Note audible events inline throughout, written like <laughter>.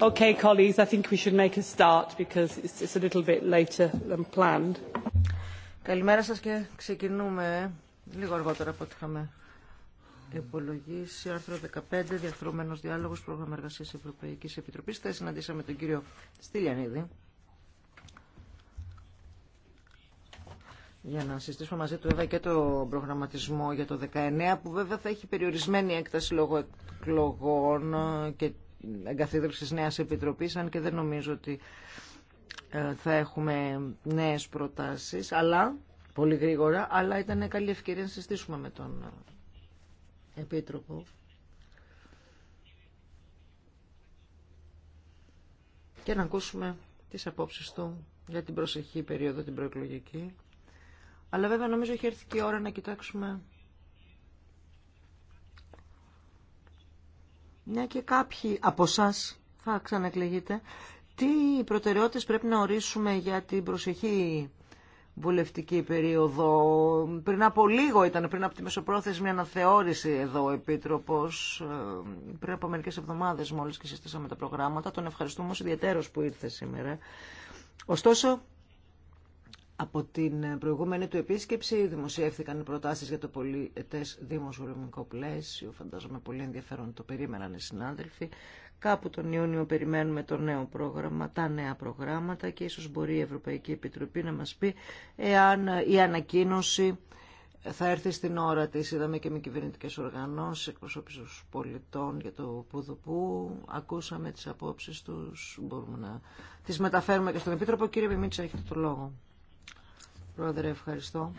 Okay, colleagues, I think we should make a start because it's a little bit later than planned. Καλημέρα σας και ξεκινούμε λίγο αργότερα από ό,τι είχαμε υπολογίσει. Άρθρο 15, διαφθορμένος διάλογος, πρόγραμμα εργασίας Ευρωπαϊκής Επιτροπής. Θα συναντήσαμε τον κύριο Στυλιανίδη. για να συζητήσουμε μαζί του βέβαια και το προγραμματισμό για το 19 που βέβαια θα έχει περιορισμένη έκταση λόγω εκλογών και εγκαθίδρυση της νέας επιτροπής, αν και δεν νομίζω ότι ε, θα έχουμε νέες προτάσεις, αλλά πολύ γρήγορα, αλλά ήταν καλή ευκαιρία να συστήσουμε με τον ε, Επίτροπο. Και να ακούσουμε τις απόψεις του για την προσεχή περίοδο, την προεκλογική. Αλλά βέβαια νομίζω έχει έρθει και η ώρα να κοιτάξουμε μια και κάποιοι από εσά θα ξανακλεγείτε, τι προτεραιότητες πρέπει να ορίσουμε για την προσεχή βουλευτική περίοδο. Πριν από λίγο ήταν, πριν από τη Μεσοπρόθεσμη αναθεώρηση εδώ ο Επίτροπος, ε, πριν από μερικές εβδομάδες μόλις και συστήσαμε τα προγράμματα. Τον ευχαριστούμε όμως ιδιαίτερος που ήρθε σήμερα. Ωστόσο, από την προηγούμενη του επίσκεψη δημοσιεύθηκαν οι προτάσεις για το πολιτές δημοσιονομικό πλαίσιο. Φαντάζομαι πολύ ενδιαφέρον το περίμεναν οι συνάδελφοι. Κάπου τον Ιούνιο περιμένουμε το νέο πρόγραμμα, τα νέα προγράμματα και ίσως μπορεί η Ευρωπαϊκή Επιτροπή να μας πει εάν η ανακοίνωση θα έρθει στην ώρα της. Είδαμε και με κυβερνητικές οργανώσεις, εκπροσώπησης πολιτών για το Πουδουπού. Ακούσαμε τις απόψει τους, μπορούμε να τις μεταφέρουμε και στον Επίτροπο. Κύριε Μιμίτσα, έχετε το λόγο. Πρόεδρε, ευχαριστώ.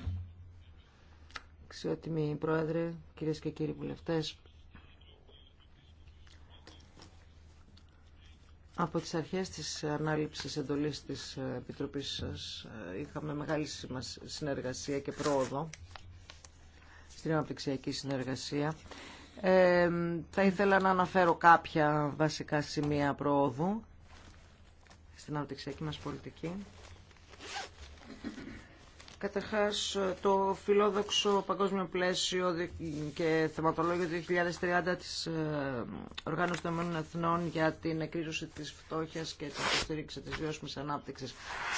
Αξιότιμοι Πρόεδρε, κυρίες και κύριοι βουλευτές, Από τις αρχές της ανάληψης εντολής της Επιτροπής σα. Ε, είχαμε μεγάλη συνεργασία και πρόοδο στην αναπτυξιακή συνεργασία. Ε, θα ήθελα να αναφέρω κάποια βασικά σημεία πρόοδου στην αναπτυξιακή μας πολιτική. Καταρχάς, το φιλόδοξο παγκόσμιο πλαίσιο και θεματολόγιο 2030 της ε, Οργάνωσης των Εθνών για την εκρίζωση της φτώχειας και την υποστήριξη της βιώσιμης ανάπτυξης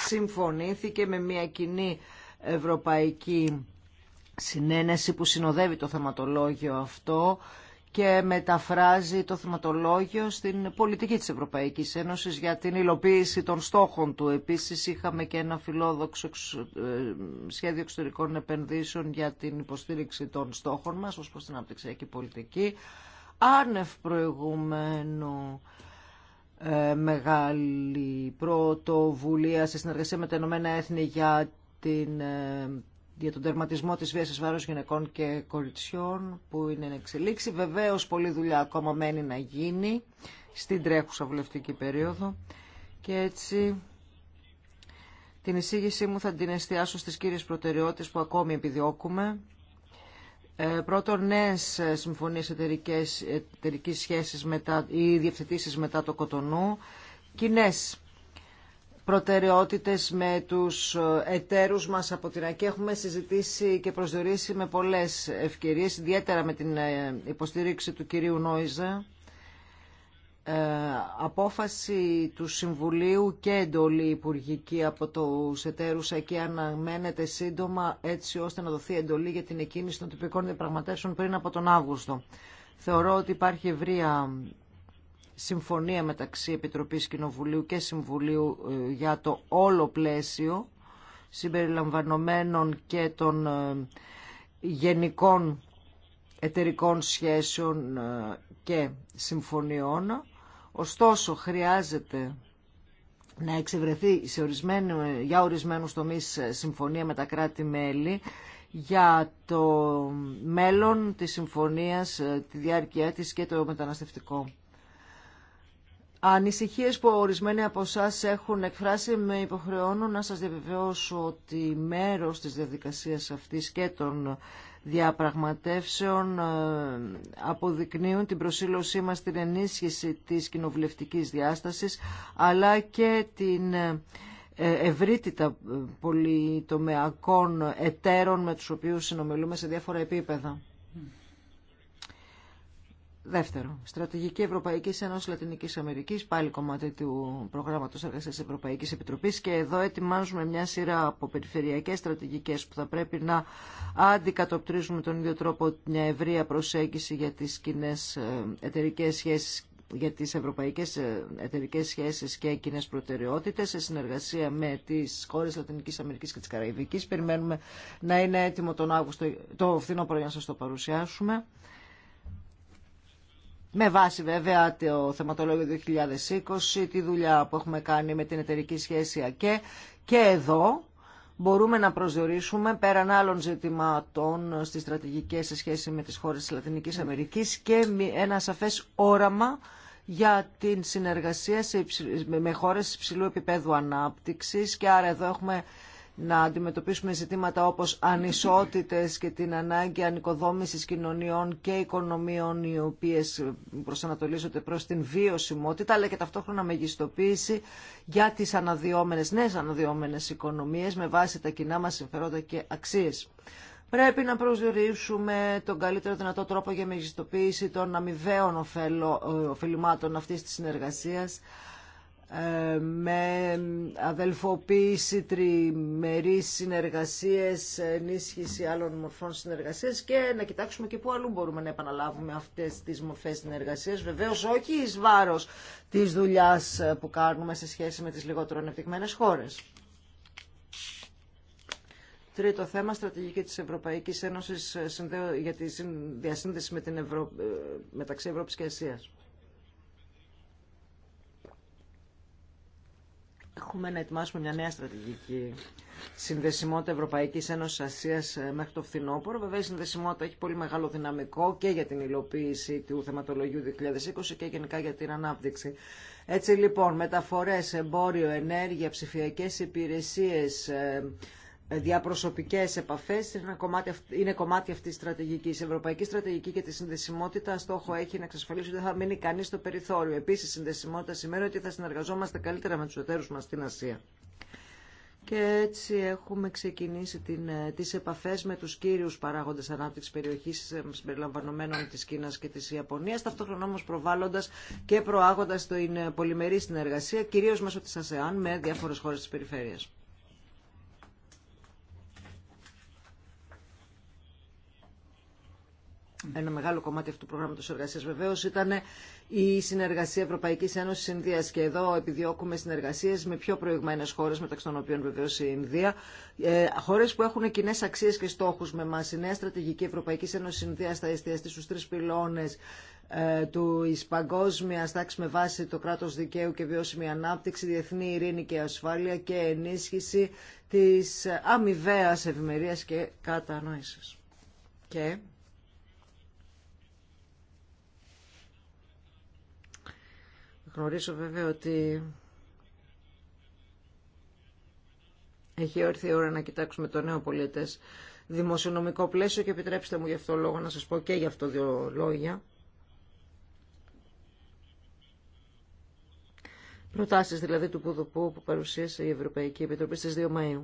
συμφωνήθηκε με μια κοινή ευρωπαϊκή συνένεση που συνοδεύει το θεματολόγιο αυτό και μεταφράζει το θεματολόγιο στην πολιτική της Ευρωπαϊκής Ένωσης για την υλοποίηση των στόχων του. Επίσης είχαμε και ένα φιλόδοξο ε, σχέδιο εξωτερικών επενδύσεων για την υποστήριξη των στόχων μας ως προς την αναπτυξιακή πολιτική. Άνευ προηγουμένου ε, μεγάλη πρωτοβουλία σε συνεργασία με τα Ηνωμένα Έθνη για την ε, για τον τερματισμό της βίας βάρος γυναικών και κοριτσιών που είναι εν εξελίξη. Βεβαίως πολλή δουλειά ακόμα μένει να γίνει στην τρέχουσα βουλευτική περίοδο και έτσι την εισήγησή μου θα την εστιάσω στις κύριες προτεραιότητες που ακόμη επιδιώκουμε. Ε, πρώτον, νέε συμφωνίε εταιρικής σχέσης μετά ή διευθετήσεις μετά το Κοτονού. Κοινές προτεραιότητες με τους εταίρους μας από την ΑΚΕ. Έχουμε συζητήσει και προσδιορίσει με πολλές ευκαιρίες, ιδιαίτερα με την ε, υποστήριξη του κυρίου Νόιζα. Ε, απόφαση του Συμβουλίου και εντολή υπουργική από τους εταίρους ΑΚΕ αναμένεται σύντομα έτσι ώστε να δοθεί εντολή για την εκκίνηση των τυπικών διαπραγματεύσεων πριν από τον Αύγουστο. Θεωρώ ότι υπάρχει ευρεία συμφωνία μεταξύ Επιτροπής Κοινοβουλίου και Συμβουλίου ε, για το όλο πλαίσιο συμπεριλαμβανομένων και των ε, γενικών εταιρικών σχέσεων ε, και συμφωνιών. Ωστόσο, χρειάζεται να εξευρεθεί σε για ορισμένους τομείς συμφωνία με τα κράτη-μέλη για το μέλλον της συμφωνίας, τη διάρκεια της και το μεταναστευτικό. Ανησυχίε που ορισμένοι από εσά έχουν εκφράσει με υποχρεώνω να σα διαβεβαιώσω ότι μέρος της διαδικασία αυτής και των διαπραγματεύσεων ε, αποδεικνύουν την προσήλωσή μας στην ενίσχυση της κοινοβουλευτικής διάστασης αλλά και την ε, ε, ευρύτητα πολυτομεακών εταίρων με τους οποίους συνομιλούμε σε διάφορα επίπεδα. Δεύτερο, στρατηγική Ευρωπαϊκή Ένωση Λατινική Αμερική, πάλι κομμάτι του προγράμματο εργασία Ευρωπαϊκή Επιτροπή. Και εδώ ετοιμάζουμε μια σειρά από περιφερειακέ στρατηγικέ που θα πρέπει να αντικατοπτρίζουν με τον ίδιο τρόπο μια ευρεία προσέγγιση για τι κοινέ ε, εταιρικέ σχέσει για τις ευρωπαϊκές ε, εταιρικές σχέσεις και κοινέ προτεραιότητες σε συνεργασία με τις χώρες Λατινικής Αμερικής και της Καραϊβική. Περιμένουμε να είναι έτοιμο τον Αύγουστο, το φθινόπωρο για να σας το παρουσιάσουμε. Με βάση βέβαια το θεματολόγιο 2020, τη δουλειά που έχουμε κάνει με την εταιρική σχέση ΑΚΕ και εδώ μπορούμε να προσδιορίσουμε πέραν άλλων ζητημάτων στις στρατηγικές σε σχέση με τις χώρες της Λατινικής Αμερικής και ένα σαφές όραμα για την συνεργασία με χώρες υψηλού επίπεδου ανάπτυξης και άρα εδώ έχουμε να αντιμετωπίσουμε ζητήματα όπως ανισότητες και την ανάγκη ανοικοδόμησης κοινωνιών και οικονομίων οι οποίες προσανατολίζονται προς την βιωσιμότητα αλλά και ταυτόχρονα μεγιστοποίηση για τις αναδυόμενες, νέες αναδυόμενες οικονομίες με βάση τα κοινά μας συμφερόντα και αξίες. Πρέπει να προσδιορίσουμε τον καλύτερο δυνατό τρόπο για μεγιστοποίηση των αμοιβαίων ωφελημάτων αυτής της συνεργασίας ε, με αδελφοποίηση, τριμερείς συνεργασίες, ενίσχυση άλλων μορφών συνεργασία και να κοιτάξουμε και πού αλλού μπορούμε να επαναλάβουμε αυτές τις μορφές συνεργασίας. Βεβαίως όχι εις βάρος της δουλειάς που αλλου μπορουμε να επαναλαβουμε αυτες τις μορφες συνεργασια βεβαιως οχι εις βαρος της δουλειας που κανουμε σε σχέση με τις λιγότερο ανεπτυγμένες χώρες. Τρίτο θέμα, στρατηγική της Ευρωπαϊκής Ένωσης για τη διασύνδεση με την ε, μεταξύ Ευρώπης και Ασίας. έχουμε να ετοιμάσουμε μια νέα στρατηγική συνδεσιμότητα Ευρωπαϊκής Ένωσης Ασίας ε, μέχρι το φθινόπωρο. Βέβαια η συνδεσιμότητα έχει πολύ μεγάλο δυναμικό και για την υλοποίηση του θεματολογίου 2020 και γενικά για την ανάπτυξη. Έτσι λοιπόν, μεταφορές, εμπόριο, ενέργεια, ψηφιακές υπηρεσίες, ε, ε, διαπροσωπικές επαφές είναι κομμάτι, είναι κομμάτι αυτής της στρατηγικής. Η Ευρωπαϊκή Στρατηγική και τη συνδεσιμότητα στόχο έχει να εξασφαλίσει ότι δεν θα μείνει κανείς στο περιθώριο. Επίσης, η συνδεσιμότητα σημαίνει ότι θα συνεργαζόμαστε καλύτερα με τους εταίρους μας στην Ασία. Και έτσι έχουμε ξεκινήσει την, ε, τις επαφές με τους κύριους παράγοντες ανάπτυξης περιοχής ε, συμπεριλαμβανομένων της Κίνας και της Ιαπωνίας, ταυτόχρονα όμως προβάλλοντας και προάγοντας την πολυμερή συνεργασία, κυρίως μέσω τη ΑΣΕΑΝ με διάφορες χώρες της περιφέρειας. Ένα μεγάλο κομμάτι αυτού του προγράμματο εργασία βεβαίω ήταν η συνεργασία ευρωπαικη Ευρωπαϊκή Ινδίας και εδώ επιδιώκουμε συνεργασίε με πιο προηγμένε χώρε μεταξύ των οποίων βεβαίω η Ινδία, ε, χώρες που έχουν κοινέ αξίε και στόχου με μας. Η νέα στρατηγική στρατηγική Ευρωπαϊκή Ινδία θα εστιαστεί στου τρει πυλώνες ε, του παγκόσμια τάξη με βάση το κράτο δικαίου και βιώσιμη ανάπτυξη, διεθνή ειρήνη και ασφάλεια και ενίσχυση τη αμοιβαία ευημερία και κατανόηση. Και Γνωρίζω βέβαια ότι έχει έρθει η ώρα να κοιτάξουμε το νέο πολίτες δημοσιονομικό πλαίσιο και επιτρέψτε μου γι' αυτό λόγο να σας πω και γι' αυτό δύο λόγια. Προτάσεις δηλαδή του Πουδουπού που παρουσίασε η Ευρωπαϊκή Επιτροπή στις 2 Μαΐου.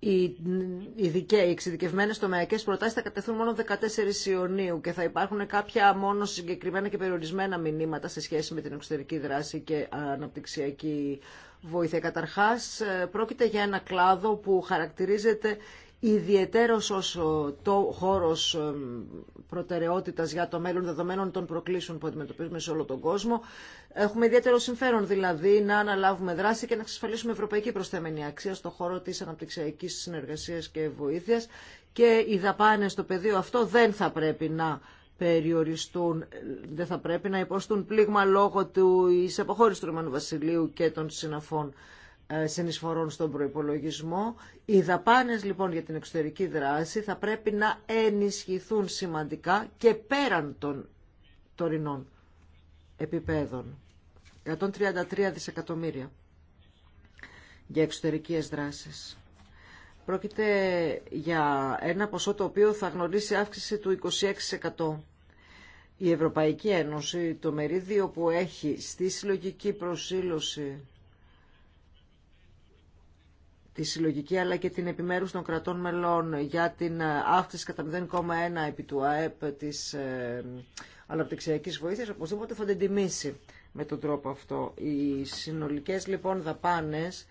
οι εξειδικευμένε τομεακέ προτάσει θα κατεθούν μόνο 14 Ιουνίου και θα υπάρχουν κάποια μόνο συγκεκριμένα και περιορισμένα μηνύματα σε σχέση με την εξωτερική δράση και αναπτυξιακή βοήθεια. Καταρχά, ε, πρόκειται για ένα κλάδο που χαρακτηρίζεται ιδιαιτέρως ως το χώρος ε, προτεραιότητας για το μέλλον δεδομένων των προκλήσεων που αντιμετωπίζουμε σε όλο τον κόσμο. Έχουμε ιδιαίτερο συμφέρον δηλαδή να αναλάβουμε δράση και να εξασφαλίσουμε ευρωπαϊκή προσθέμενη αξία στον χώρο της αναπτυξιακής συνεργασίας και βοήθειας και οι δαπάνες στο πεδίο αυτό δεν θα πρέπει να περιοριστούν, δεν θα πρέπει να υποστούν πλήγμα λόγω του εις του Ρωμανού Βασιλείου και των συναφών συνεισφορών στον προϋπολογισμό. Οι δαπάνες λοιπόν για την εξωτερική δράση θα πρέπει να ενισχυθούν σημαντικά και πέραν των τωρινών επιπέδων. 133 δισεκατομμύρια για εξωτερικές δράσεις. Πρόκειται για ένα ποσό το οποίο θα γνωρίσει αύξηση του 26%. Η Ευρωπαϊκή Ένωση, το μερίδιο που έχει στη συλλογική προσήλωση τη συλλογική αλλά και την επιμέρους των κρατών μελών για την ε, αύξηση κατά 0,1 επί του ΑΕΠ της ε, αναπτυξιακής βοήθειας οπωσδήποτε θα την τιμήσει με τον τρόπο αυτό. Οι συνολικές λοιπόν δαπάνες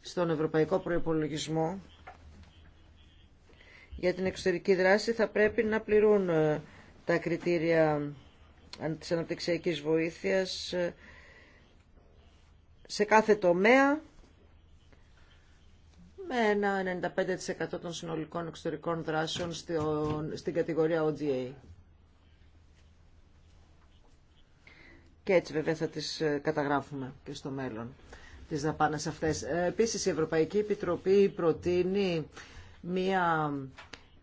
στον ευρωπαϊκό προϋπολογισμό για την εξωτερική δράση θα πρέπει να πληρούν ε, τα κριτήρια της αναπτυξιακής βοήθειας σε κάθε τομέα με ένα 95% των συνολικών εξωτερικών δράσεων στην κατηγορία ODA. Και έτσι βέβαια θα τις ε, καταγράφουμε και στο μέλλον τις δαπάνες αυτές. Ε, επίσης η Ευρωπαϊκή Επιτροπή προτείνει μία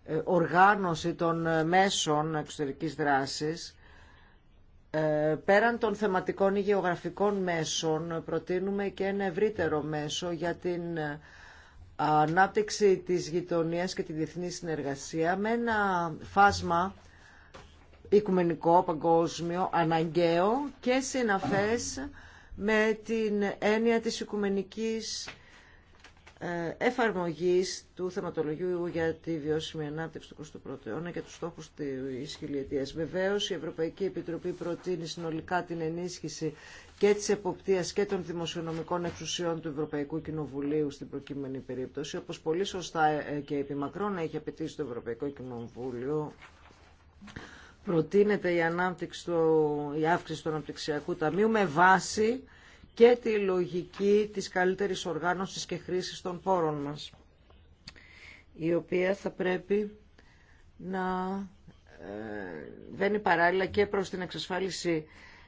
ε, οργάνωση των μέσων εξωτερικής δράσης πέραν των θεματικών ή γεωγραφικών μέσων προτείνουμε και ένα ευρύτερο μέσο για την ανάπτυξη της γειτονίας και τη διεθνή συνεργασία με ένα φάσμα οικουμενικό, παγκόσμιο, αναγκαίο και συναφές με την έννοια της οικουμενικής ε, Εφαρμογή του θεματολογίου για τη βιώσιμη ανάπτυξη του 21ου αιώνα και του στόχου τη χιλιετία. Βεβαίω, η Ευρωπαϊκή Επιτροπή προτείνει συνολικά την ενίσχυση και της εποπτεία και των δημοσιονομικών εξουσιών του Ευρωπαϊκού Κοινοβουλίου στην προκείμενη περίπτωση, Όπω πολύ σωστά ε, ε, και επιμακρών έχει απαιτήσει το Ευρωπαϊκό Κοινοβούλιο προτείνεται η, ανάπτυξη, η αύξηση του αναπτυξιακού ταμείου με βάση και τη λογική της καλύτερης οργάνωσης και χρήσης των πόρων μας, η οποία θα πρέπει να ε, βαίνει παράλληλα και προς την εξασφάλιση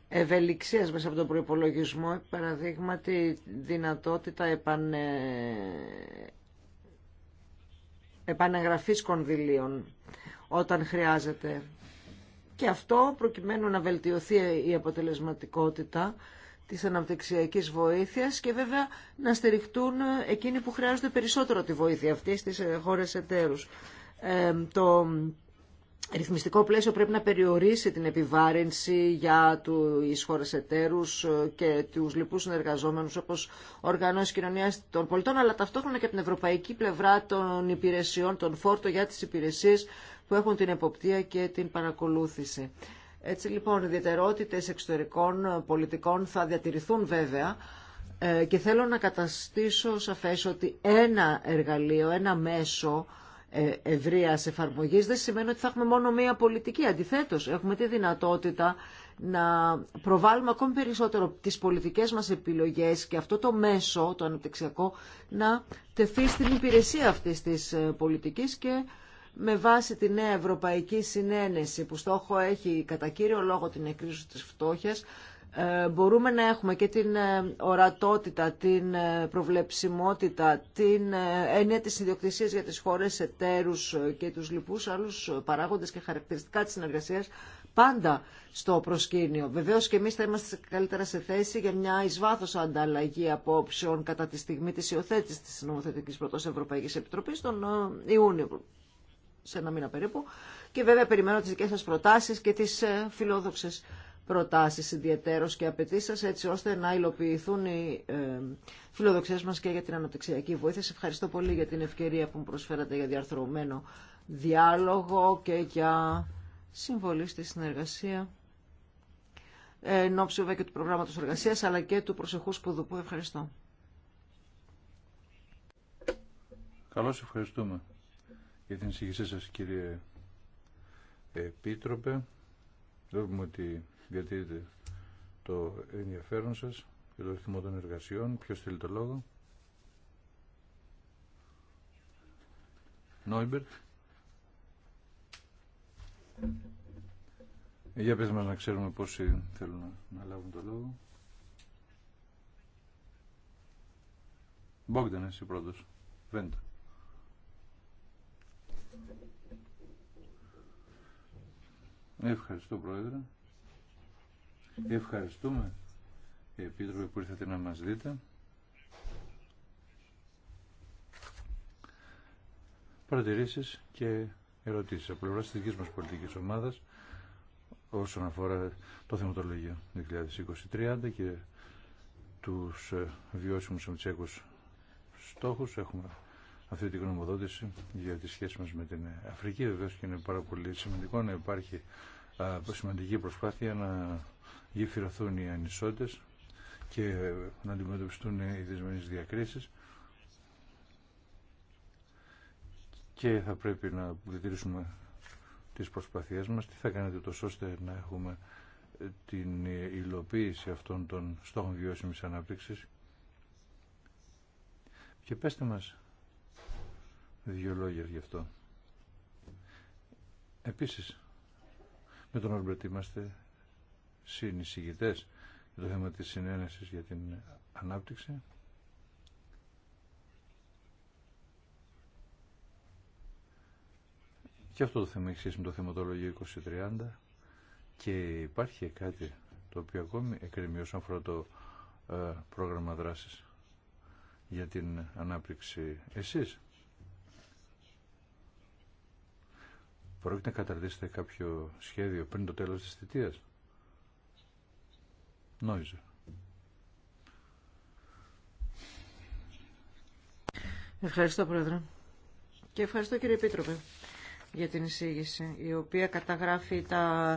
ευελιξίας μέσα από τον προϋπολογισμό, παραδείγματι δυνατότητα επανε... επαναγραφής κονδυλίων όταν χρειάζεται. Και αυτό προκειμένου να βελτιωθεί η αποτελεσματικότητα της αναπτυξιακής βοήθειας και βέβαια να στηριχτούν εκείνοι που χρειάζονται περισσότερο τη βοήθεια αυτή στις χώρες εταίρους. Ε, το ρυθμιστικό πλαίσιο πρέπει να περιορίσει την επιβάρυνση για τους χώρες εταίρους και τους λοιπούς συνεργαζόμενους όπως οργανώσεις κοινωνίας των πολιτών αλλά ταυτόχρονα και την ευρωπαϊκή πλευρά των υπηρεσιών, των φόρτων για τις υπηρεσίες που έχουν την εποπτεία και την παρακολούθηση. Έτσι λοιπόν οι ιδιαιτερότητες εξωτερικών ε, πολιτικών θα διατηρηθούν βέβαια ε, και θέλω να καταστήσω σαφές ότι ένα εργαλείο, ένα μέσο ε, ευρεία εφαρμογή δεν σημαίνει ότι θα έχουμε μόνο μία πολιτική. Αντιθέτως, έχουμε τη δυνατότητα να προβάλλουμε ακόμη περισσότερο τις πολιτικές μας επιλογές και αυτό το μέσο, το αναπτυξιακό, να τεθεί στην υπηρεσία αυτή της πολιτική και με βάση τη νέα Ευρωπαϊκή Συνένεση που στόχο έχει κατά κύριο λόγο την εκρίζωση της φτώχειας ε, μπορούμε να έχουμε και την ε, ορατότητα, την ε, προβλεψιμότητα, την έννοια της ιδιοκτησίας για τις χώρες εταίρους και τους λοιπούς άλλους παράγοντες και χαρακτηριστικά της συνεργασίας πάντα στο προσκήνιο. Βεβαίως και εμείς θα είμαστε καλύτερα σε θέση για μια εις βάθος ανταλλαγή απόψεων κατά τη στιγμή της υιοθέτησης της νομοθετικής πρωτός Ευρωπαϊκής Επιτροπής τον Ιούνιο σε ένα μήνα περίπου. Και βέβαια περιμένω τις δικές σας προτάσεις και τις ε, φιλόδοξες προτάσεις ιδιαίτερως και απαιτήσεις έτσι ώστε να υλοποιηθούν οι ε, φιλοδοξίες μας και για την αναπτυξιακή βοήθεια. Σε ευχαριστώ πολύ για την ευκαιρία που μου προσφέρατε για διαρθρωμένο διάλογο και για συμβολή στη συνεργασία ε, εν βέβαια και του προγράμματος εργασίας αλλά και του προσεχού σπουδού. Ευχαριστώ. Καλώς ευχαριστούμε για την εισηγησή σας κύριε Επίτροπε. Βλέπουμε ότι διατηρείται το ενδιαφέρον σας και το ρυθμό των εργασιών. Ποιος θέλει το λόγο. Νόιμπερτ. Για πες μας να ξέρουμε πόσοι θέλουν να, λάβουν το λόγο. Μπόγκτεν, εσύ πρώτος. Βέντα. Ευχαριστώ Πρόεδρε. Ευχαριστούμε Επίτροπε που ήρθατε να μας δείτε. Παρατηρήσεις και ερωτήσεις από πλευρά της δικής μας πολιτικής ομάδας όσον αφορά το θεματολογειο 2020-30 και τους ε, βιώσιμους εμτσέκους στόχους. Έχουμε αυτή την γνωμοδότηση για τη σχέση μας με την Αφρική. Βεβαίως και είναι πάρα πολύ σημαντικό να υπάρχει σημαντική προσπάθεια να γεφυρωθούν οι ανισότητες και να αντιμετωπιστούν οι δεσμενείς διακρίσεις και θα πρέπει να διατηρήσουμε τις προσπάθειές μας. Τι θα κάνετε τόσο ώστε να έχουμε ε, την υλοποίηση αυτών των στόχων βιώσιμης ανάπτυξης και πέστε μας Δύο λόγια γι' αυτό. Επίσης, με τον Όρμπρετ είμαστε συνεισηγητές για το θέμα της συνένεσης για την ανάπτυξη. Και αυτό το θέμα έχει σχέση με το θεματολογιο 2030 και υπάρχει κάτι το οποίο ακόμη εκκρεμεί όσον αφορά το ε, πρόγραμμα δράσης για την ανάπτυξη. Εσείς Πρόκειται να καταρτήσετε κάποιο σχέδιο πριν το τέλος της θητείας. Νόιζε. Ευχαριστώ Πρόεδρε. Και ευχαριστώ κύριε Επίτροπε για την εισήγηση, η οποία καταγράφει τα...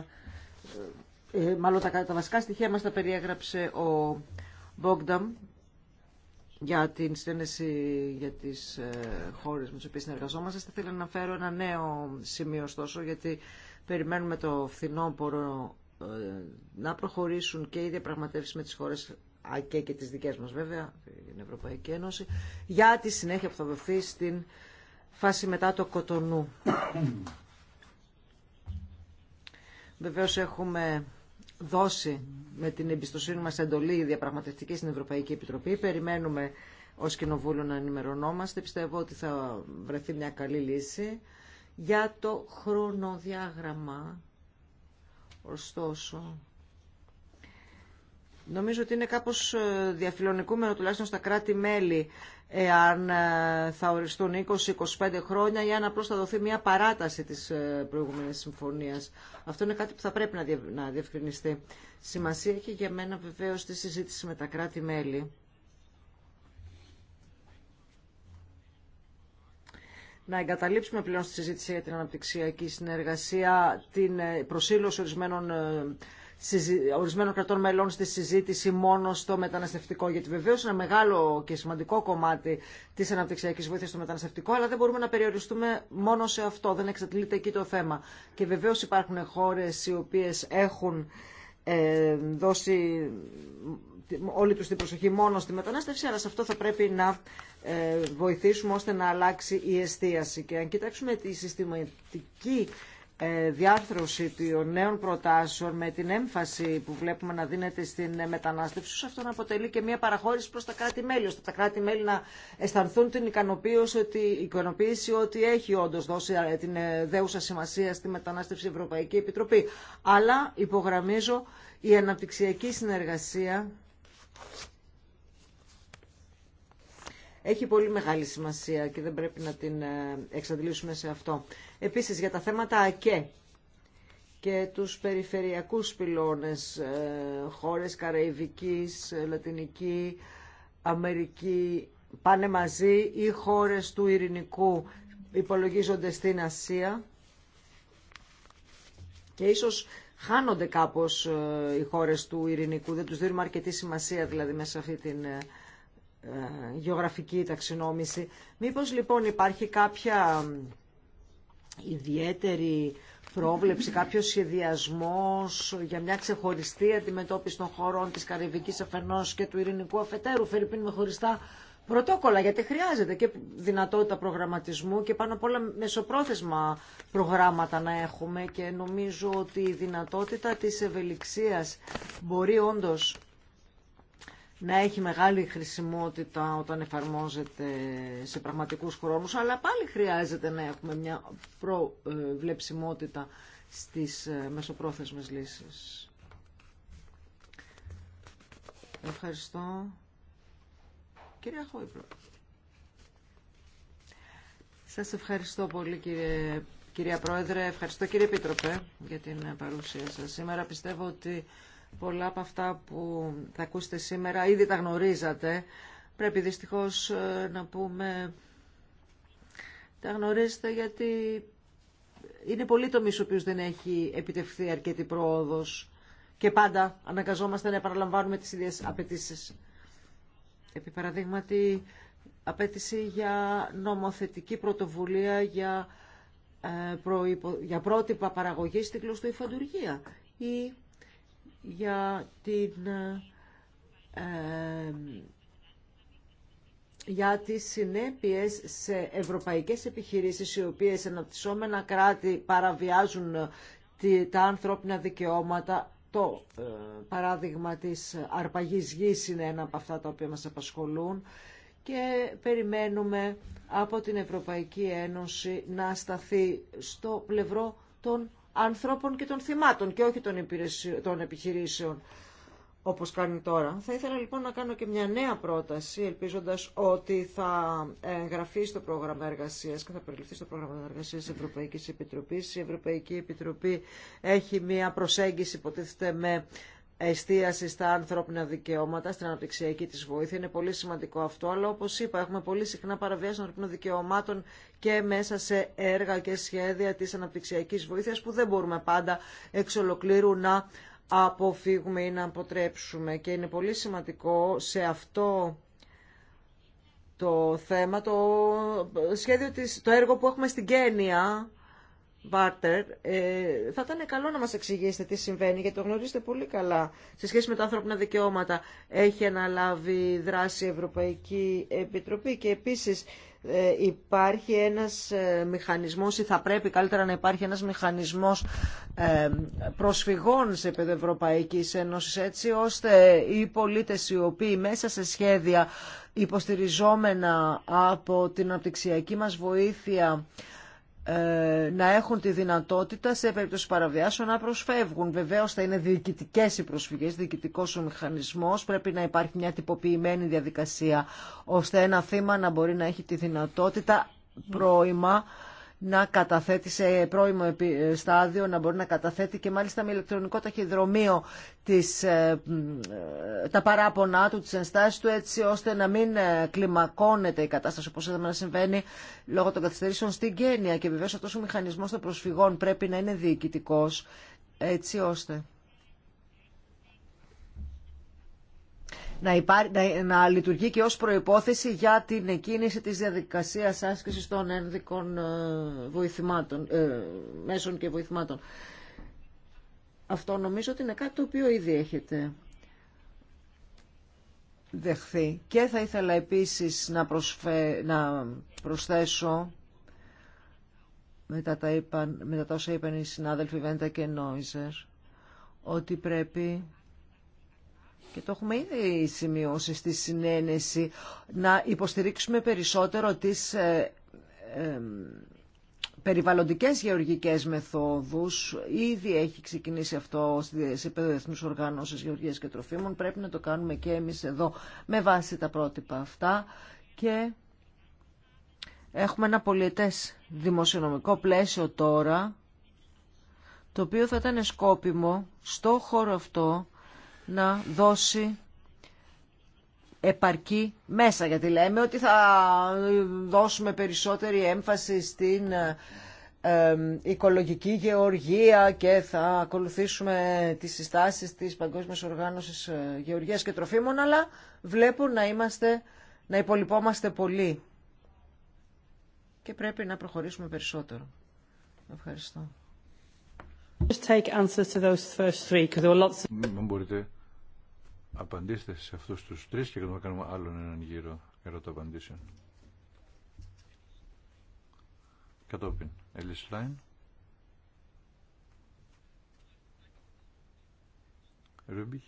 Ε, μάλλον τα, τα βασικά στοιχεία μας τα περιέγραψε ο Μπόγκταμ για την στένεση για τις ε, χώρες με τις οποίες συνεργαζόμαστε. Θα ήθελα να φέρω ένα νέο σημείο ωστόσο, γιατί περιμένουμε το φθινόπωρο ε, να προχωρήσουν και οι διαπραγματεύσεις με τις χώρες ΑΚΕ και τις δικές μας βέβαια, την Ευρωπαϊκή Ένωση, για τη συνέχεια που θα δοθεί στην φάση μετά το Κοτονού. <coughs> Βεβαίως έχουμε δώσει με την εμπιστοσύνη μας εντολή διαπραγματευτική στην Ευρωπαϊκή Επιτροπή. Περιμένουμε ως Κοινοβούλιο να ενημερωνόμαστε. Πιστεύω ότι θα βρεθεί μια καλή λύση. Για το χρονοδιάγραμμα, ωστόσο, Νομίζω ότι είναι κάπως ε, διαφιλονικούμενο τουλάχιστον στα κράτη-μέλη εάν ε, θα οριστούν 20-25 χρόνια για να απλώς θα δοθεί μια παράταση της ε, προηγούμενης συμφωνίας. Αυτό είναι κάτι που θα πρέπει να διευκρινιστεί. Σημασία έχει για μένα βεβαίως τη συζήτηση με τα κράτη-μέλη. να εγκαταλείψουμε πλέον στη συζήτηση για την αναπτυξιακή συνεργασία την προσήλωση ορισμένων ορισμένων κρατών μελών στη συζήτηση μόνο στο μεταναστευτικό. Γιατί βεβαίω ένα μεγάλο και σημαντικό κομμάτι τη αναπτυξιακή βοήθεια στο μεταναστευτικό, αλλά δεν μπορούμε να περιοριστούμε μόνο σε αυτό. Δεν εξατλείται εκεί το θέμα. Και βεβαίω υπάρχουν χώρε οι οποίε έχουν ε, δώσει όλη τους την προσοχή μόνο στη μετανάστευση, αλλά σε αυτό θα πρέπει να ε, βοηθήσουμε ώστε να αλλάξει η εστίαση. Και αν κοιτάξουμε τη συστηματική ε, διάρθρωση των νέων προτάσεων με την έμφαση που βλέπουμε να δίνεται στην μετανάστευση, αυτό να αποτελεί και μια παραχώρηση προς τα κράτη-μέλη, ώστε τα κράτη-μέλη να αισθανθούν την ικανοποίηση ότι, ικανοποίηση ότι έχει όντως δώσει ε, την ε, δέουσα σημασία στη μετανάστευση Ευρωπαϊκή Επιτροπή. Αλλά υπογραμμίζω η αναπτυξιακή συνεργασία έχει πολύ μεγάλη σημασία και δεν πρέπει να την ε, εξαντλήσουμε σε αυτό. Επίσης για τα θέματα ΑΚΕ και τους περιφερειακούς πυλώνες, ε, χώρες Καραϊβικής, Λατινική, Αμερική, πάνε μαζί ή χώρες του Ειρηνικού υπολογίζονται στην Ασία και ίσως χάνονται κάπως ε, οι χώρες του Ειρηνικού, δεν τους δίνουμε αρκετή σημασία δηλαδή μέσα σε αυτή την ε, γεωγραφική ταξινόμηση. Μήπως λοιπόν υπάρχει κάποια ιδιαίτερη πρόβλεψη, κάποιος σχεδιασμός για μια ξεχωριστή αντιμετώπιση των χωρών της Καρυβικής αφενός και του Ειρηνικού αφετέρου, φερρυπίν με χωριστά πρωτόκολλα, γιατί χρειάζεται και δυνατότητα προγραμματισμού και πάνω απ' όλα μεσοπρόθεσμα προγράμματα να έχουμε και νομίζω ότι η δυνατότητα της ευελιξίας μπορεί όντως να έχει μεγάλη χρησιμότητα όταν εφαρμόζεται σε πραγματικούς χρόνους, αλλά πάλι χρειάζεται να έχουμε μια προβλεψιμότητα στις ε, μεσοπρόθεσμες λύσεις. Ευχαριστώ. Κυρία Χόιπρο. Σας ευχαριστώ πολύ κύριε, κυρία Πρόεδρε, ευχαριστώ κύριε Επίτροπε για την παρουσία σας σήμερα. Πιστεύω ότι Πολλά από αυτά που θα ακούσετε σήμερα ήδη τα γνωρίζατε. Πρέπει δυστυχώς ε, να πούμε τα γνωρίζετε γιατί είναι πολύ το ο που δεν έχει επιτευχθεί αρκετή πρόοδος και πάντα αναγκαζόμαστε να επαναλαμβάνουμε τις ίδιες απαιτήσει. Επί παραδείγματι, απέτηση για νομοθετική πρωτοβουλία για, ε, προϋπο... για πρότυπα παραγωγής στην κλωστοϊφαντουργία ή για την ε, για τις συνέπειες σε ευρωπαϊκές επιχειρήσεις οι οποίες σε αναπτυσσόμενα κράτη παραβιάζουν τα ανθρώπινα δικαιώματα. Το ε, παράδειγμα της αρπαγής γης είναι ένα από αυτά τα οποία μας απασχολούν και περιμένουμε από την Ευρωπαϊκή Ένωση να σταθεί στο πλευρό των ανθρώπων και των θυμάτων και όχι των επιχειρήσεων όπως κάνει τώρα. Θα ήθελα λοιπόν να κάνω και μια νέα πρόταση, ελπίζοντας ότι θα εγγραφεί στο πρόγραμμα εργασίας και θα περιληφθεί στο πρόγραμμα εργασίας της Ευρωπαϊκής Επιτροπής. Η Ευρωπαϊκή Επιτροπή έχει μια προσέγγιση, υποτίθεται, με εστίαση στα ανθρώπινα δικαιώματα, στην αναπτυξιακή τη βοήθεια. Είναι πολύ σημαντικό αυτό, αλλά όπως είπα έχουμε πολύ συχνά παραβιάσει των ανθρώπινων δικαιωμάτων και μέσα σε έργα και σχέδια της αναπτυξιακή βοήθειας που δεν μπορούμε πάντα εξ ολοκλήρου να αποφύγουμε ή να αποτρέψουμε. Και είναι πολύ σημαντικό σε αυτό το θέμα, το, σχέδιο της, το έργο που έχουμε στην Κένια, Μπάρτερ, θα ήταν καλό να μας εξηγήσετε τι συμβαίνει, γιατί το γνωρίζετε πολύ καλά. Σε σχέση με τα ανθρώπινα δικαιώματα έχει αναλάβει δράση η Ευρωπαϊκή Επιτροπή και επίσης ε, υπάρχει ένας ε, μηχανισμός ή θα πρέπει καλύτερα να υπάρχει ένας μηχανισμός ε, προσφυγών σε επίπεδο Ευρωπαϊκής Ένωσης έτσι ώστε οι πολίτες οι οποίοι μέσα σε σχέδια υποστηριζόμενα από την αναπτυξιακή μας βοήθεια ε, να έχουν τη δυνατότητα σε περίπτωση παραβιάσεων να προσφεύγουν. Βεβαίω θα είναι διοικητικέ οι προσφυγέ, διοικητικό ο μηχανισμό. Πρέπει να υπάρχει μια τυποποιημένη διαδικασία ώστε ένα θύμα να μπορεί να έχει τη δυνατότητα πρώιμα να καταθέτει σε πρώιμο στάδιο, να μπορεί να καταθέτει και μάλιστα με ηλεκτρονικό ταχυδρομείο τις, ε, ε, τα παράπονά του, τις ενστάσεις του, έτσι ώστε να μην ε, κλιμακώνεται η κατάσταση όπως είδαμε να συμβαίνει λόγω των καθυστερήσεων στην Κένια. Και βεβαίως αυτός ο μηχανισμός των προσφυγών πρέπει να είναι διοικητικός, έτσι ώστε να, να, λειτουργεί και ως προϋπόθεση για την εκκίνηση της διαδικασίας άσκησης των ένδικων ε, ε, μέσων και βοηθημάτων. Αυτό νομίζω ότι είναι κάτι το οποίο ήδη έχετε δεχθεί. Και θα ήθελα επίσης να, να προσθέσω μετά τα, είπαν, μετά τα όσα είπαν οι συνάδελφοι Βέντα και Νόιζερ ότι πρέπει και το έχουμε ήδη σημειώσει στη συνένεση, να υποστηρίξουμε περισσότερο τις ε, ε, περιβαλλοντικές γεωργικές μεθόδους. Ήδη έχει ξεκινήσει αυτό σε επίπεδο Εθνούς Γεωργίας και Τροφίμων. Πρέπει να το κάνουμε και εμείς εδώ με βάση τα πρότυπα αυτά και έχουμε ένα πολιετές δημοσιονομικό πλαίσιο τώρα το οποίο θα ήταν σκόπιμο στο χώρο αυτό να δώσει επαρκή μέσα. Γιατί λέμε ότι θα δώσουμε περισσότερη έμφαση στην οικολογική γεωργία και θα ακολουθήσουμε τις συστάσεις της Παγκόσμιας Οργάνωσης ε, Γεωργίας και Τροφίμων, αλλά βλέπω να, είμαστε, να υπολοιπόμαστε πολύ και πρέπει να προχωρήσουμε περισσότερο. Ευχαριστώ. Just take answers to those first απαντήστε σε αυτούς τους τρεις και θα κάνουμε άλλον έναν γύρο ερώτα απαντήσεων. Κατόπιν, Ελίς Λάιν. Ρούμπιχ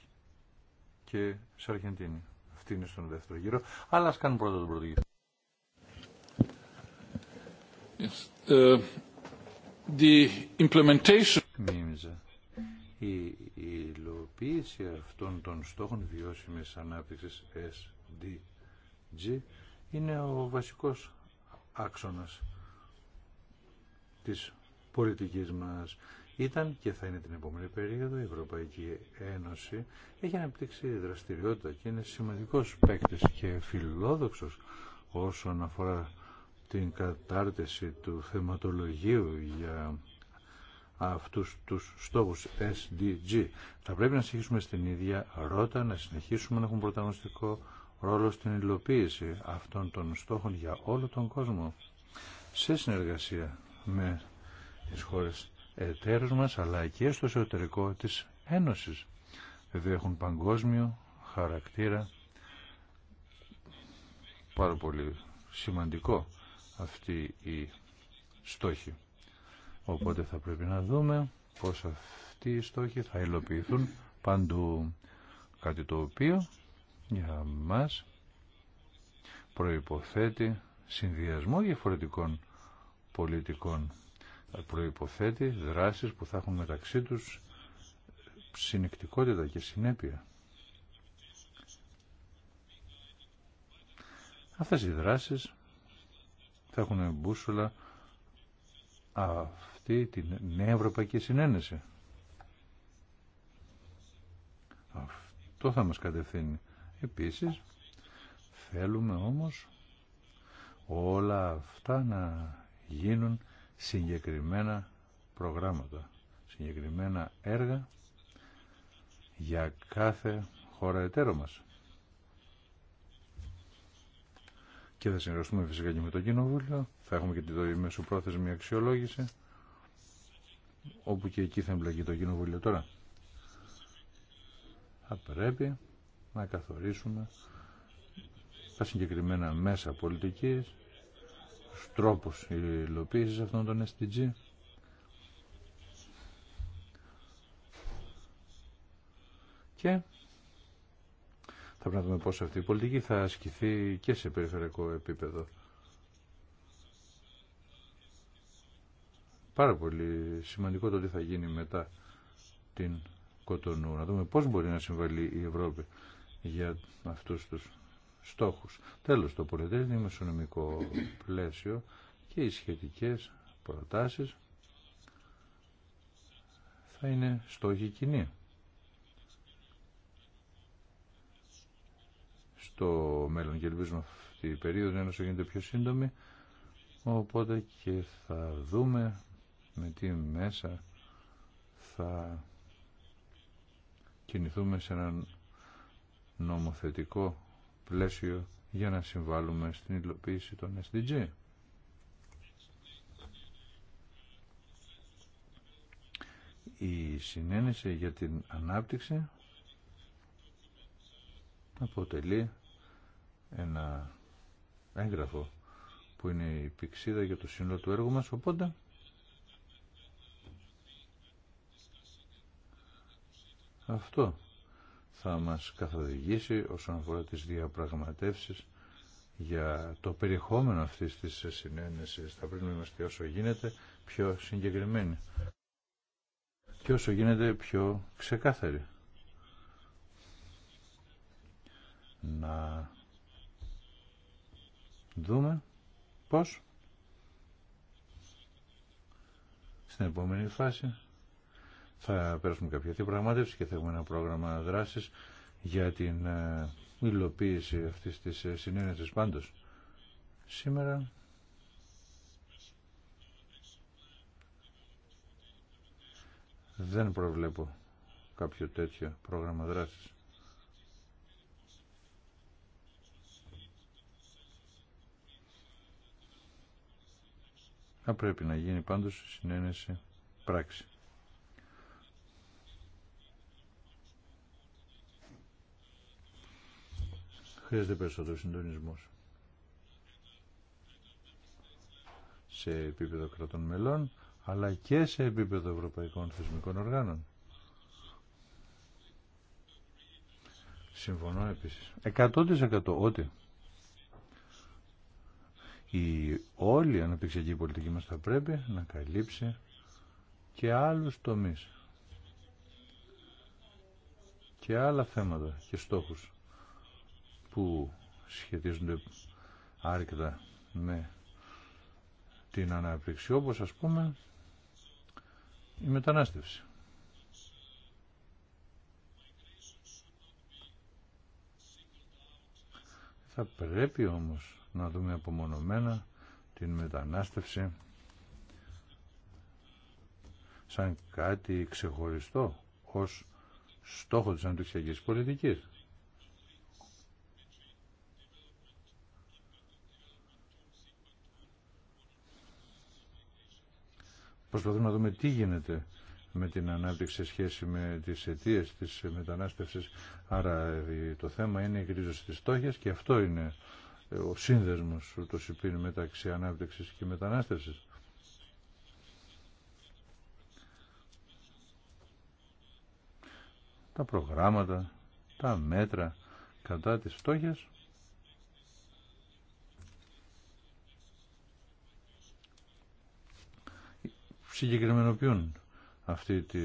και Σαργεντίνη. Αυτή είναι στον δεύτερο γύρο. Αλλά ας κάνουμε πρώτα τον πρώτο γύρο. Uh, the implementation η υλοποίηση αυτών των στόχων βιώσιμης ανάπτυξης SDG είναι ο βασικός άξονας της πολιτικής μας. Ήταν και θα είναι την επόμενη περίοδο η Ευρωπαϊκή Ένωση έχει αναπτύξει δραστηριότητα και είναι σημαντικός παίκτης και φιλόδοξος όσον αφορά την κατάρτιση του θεματολογίου για αυτούς τους στόχους SDG. Θα πρέπει να συνεχίσουμε στην ίδια ρότα, να συνεχίσουμε να έχουμε πρωταγωνιστικό ρόλο στην υλοποίηση αυτών των στόχων για όλο τον κόσμο σε συνεργασία με τις χώρες εταίρους μας αλλά και στο εσωτερικό της Ένωσης. Βέβαια έχουν παγκόσμιο χαρακτήρα πάρα πολύ σημαντικό αυτή η στόχη. Οπότε θα πρέπει να δούμε πώς αυτοί οι στόχοι θα υλοποιηθούν παντού κάτι το οποίο για μας προϋποθέτει συνδυασμό διαφορετικών πολιτικών προϋποθέτει δράσεις που θα έχουν μεταξύ τους συνεκτικότητα και συνέπεια. Αυτές οι δράσεις θα έχουν μπούσουλα αυτή την νέα Ευρωπαϊκή Συνένεση. Αυτό θα μας κατευθύνει. Επίσης, θέλουμε όμως όλα αυτά να γίνουν συγκεκριμένα προγράμματα, συγκεκριμένα έργα για κάθε χώρα εταίρο μας. Και θα συνεργαστούμε φυσικά και με το Κοινοβούλιο, θα έχουμε και τη μεσοπρόθεσμη αξιολόγηση όπου και εκεί θα εμπλακεί το κοινοβούλιο τώρα. Θα πρέπει να καθορίσουμε τα συγκεκριμένα μέσα πολιτικής, τους τρόπους υλοποίησης αυτών των SDG, και θα πρέπει να δούμε πώς αυτή η πολιτική θα ασκηθεί και σε περιφερειακό επίπεδο. πάρα πολύ σημαντικό το τι θα γίνει μετά την Κοτονού. Να δούμε πώς μπορεί να συμβαλεί η Ευρώπη για αυτούς τους στόχους. Τέλος, το πολιτές μεσονομικό πλαίσιο και οι σχετικές προτάσεις θα είναι στόχοι κοινή. Στο μέλλον και ελπίζουμε αυτή η περίοδο να γίνεται πιο σύντομη, οπότε και θα δούμε με τι μέσα θα κινηθούμε σε έναν νομοθετικό πλαίσιο για να συμβάλλουμε στην υλοποίηση των SDG. Η συνένεση για την ανάπτυξη αποτελεί ένα έγγραφο που είναι η πηξίδα για το σύνολο του έργου μας, οπότε Αυτό θα μας καθοδηγήσει όσον αφορά τις διαπραγματεύσεις για το περιεχόμενο αυτής της συνένεσης. Θα πρέπει να είμαστε όσο γίνεται πιο συγκεκριμένοι και όσο γίνεται πιο ξεκάθαροι. Να δούμε πώς στην επόμενη φάση θα περάσουμε κάποια διαπραγμάτευση και θα έχουμε ένα πρόγραμμα δράσης για την ε, υλοποίηση αυτής της ε, συνένεσης πάντως. Σήμερα δεν προβλέπω κάποιο τέτοιο πρόγραμμα δράσης. Θα πρέπει να γίνει πάντως συνένεση πράξη. Χρειάζεται περισσότερο συντονισμό. Σε επίπεδο κρατών μελών, αλλά και σε επίπεδο ευρωπαϊκών θεσμικών οργάνων. Συμφωνώ επίσης. 100% ότι η όλη η αναπτυξιακή πολιτική μας θα πρέπει να καλύψει και άλλους τομείς και άλλα θέματα και στόχους που σχετίζονται άρκετα με την ανάπτυξη, όπως ας πούμε η μετανάστευση. Θα πρέπει όμως να δούμε απομονωμένα την μετανάστευση σαν κάτι ξεχωριστό ως στόχο της αντιξιακής πολιτικής. Προσπαθούμε να δούμε τι γίνεται με την ανάπτυξη σε σχέση με τις αιτίε της μετανάστευσης. Άρα ε, το θέμα είναι η κρίζωση της στόχιας και αυτό είναι ε, ο σύνδεσμος το ΣΥΠΗΝ μεταξύ ανάπτυξης και μετανάστευσης. Τα προγράμματα, τα μέτρα κατά της φτώχειας συγκεκριμενοποιούν αυτή τη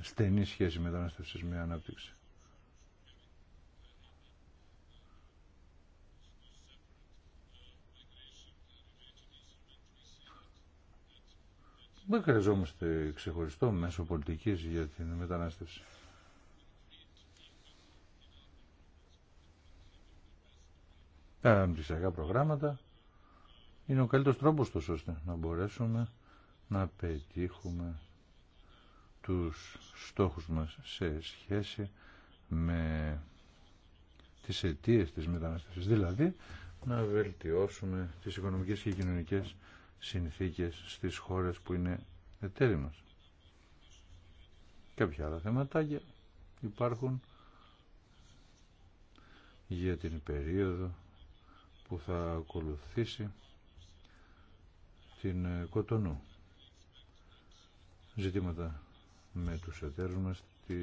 στενή σχέση μετανάστευσης με ανάπτυξη. Δεν χρειαζόμαστε ξεχωριστό μέσο πολιτικής για την μετανάστευση. Τα αναπτυξιακά προγράμματα είναι ο καλύτερος τρόπος τόσο ώστε να μπορέσουμε να πετύχουμε τους στόχους μας σε σχέση με τις αιτίες της μετανάστευσης, δηλαδή να βελτιώσουμε τις οικονομικές και κοινωνικές συνθήκες στις χώρες που είναι εταίροι μας. Κάποια άλλα θεματάκια υπάρχουν για την περίοδο που θα ακολουθήσει την Κοτονού ζητήματα με τους εταίρους μας τη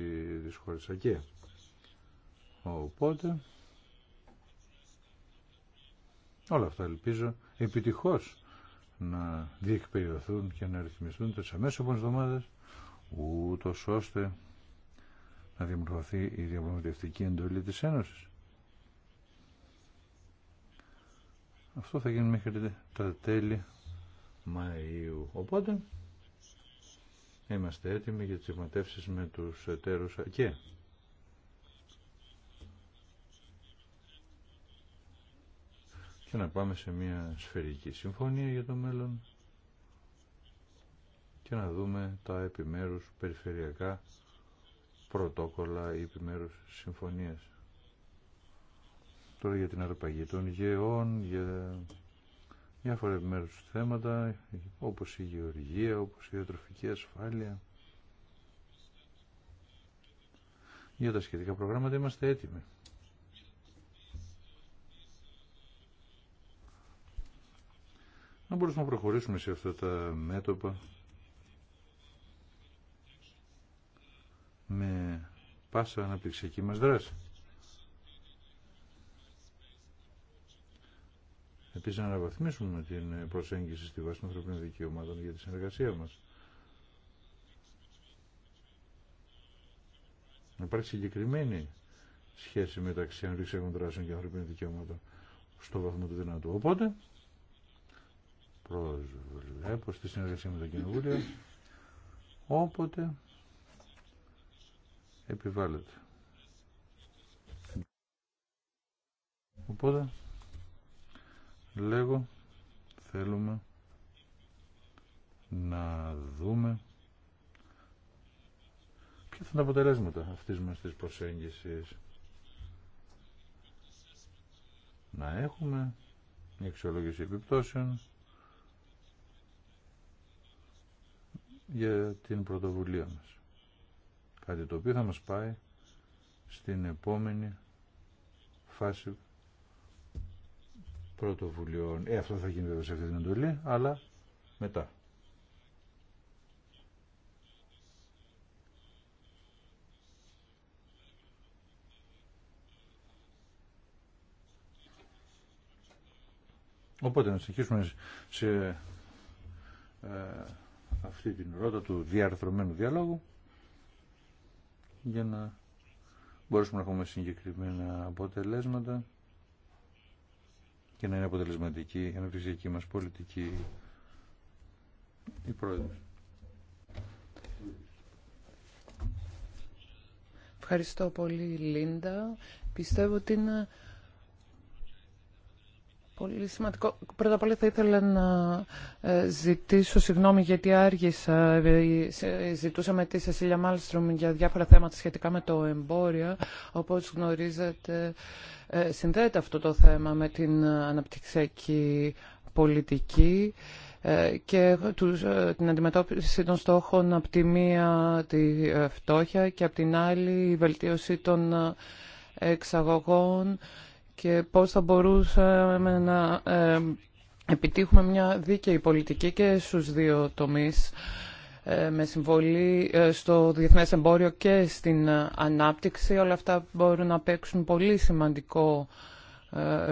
Οπότε, όλα αυτά ελπίζω επιτυχώς να διεκπαιριωθούν και να ρυθμιστούν τις αμέσωπες εβδομάδες, ούτως ώστε να δημιουργηθεί η διαπραγματευτική εντολή της Ένωσης. Αυτό θα γίνει μέχρι τα τέλη Μαΐου. Οπότε είμαστε έτοιμοι για τις δημοτεύσεις με τους εταίρους και; Και να πάμε σε μια σφαιρική συμφωνία για το μέλλον και να δούμε τα επιμέρους περιφερειακά πρωτόκολλα ή επιμέρους συμφωνίες. Τώρα για την αρπαγή των γεών, για διάφορα επιμέρους θέματα όπως η γεωργία, όπως η ιατροφική ασφάλεια. Για τα σχετικά προγράμματα είμαστε έτοιμοι. Να μπορούμε να προχωρήσουμε σε αυτά τα μέτωπα με πάσα αναπτυξιακή μας δράση. Επίση να αναβαθμίσουμε την προσέγγιση στη βάση των ανθρωπίνων δικαιωμάτων για τη συνεργασία μας. Να υπάρχει συγκεκριμένη σχέση μεταξύ ανοιξέγων δράσεων και ανθρωπίνων δικαιωμάτων στο βαθμό του δυνατού. Οπότε, προσβλέπω στη συνεργασία με τα κοινοβούλια, όποτε επιβάλλεται. Οπότε, λέγω θέλουμε να δούμε ποια θα είναι τα αποτελέσματα αυτής μας της προσέγγισης να έχουμε η αξιολόγηση επιπτώσεων για την πρωτοβουλία μας. Κάτι το οποίο θα μας πάει στην επόμενη φάση πρωτοβουλειών. Ε, αυτό θα γίνει βέβαια σε αυτή την εντολή, αλλά μετά. Οπότε να συνεχίσουμε σε ε, αυτή την ρότα του διαρθρωμένου διαλόγου για να μπορέσουμε να έχουμε συγκεκριμένα αποτελέσματα και να είναι αποτελεσματική η αναπτυξιακή μας πολιτική η πρόεδρος. Ευχαριστώ πολύ Λίντα. Πιστεύω ότι είναι πολύ σημαντικό. Πρώτα απ' όλα θα ήθελα να ε, ζητήσω συγγνώμη γιατί άργησα. Ε, ζητούσαμε τη Σεσίλια Μάλστρομ για διάφορα θέματα σχετικά με το εμπόριο. Όπως γνωρίζετε, ε, συνδέεται αυτό το θέμα με την αναπτυξιακή πολιτική και την αντιμετώπιση των στόχων από τη μία τη φτώχεια και από την άλλη η βελτίωση των εξαγωγών και πώς θα μπορούσαμε να ε, επιτύχουμε μια δίκαιη πολιτική και στους δύο τομείς ε, με συμβολή ε, στο διεθνές εμπόριο και στην ανάπτυξη. Όλα αυτά μπορούν να παίξουν πολύ σημαντικό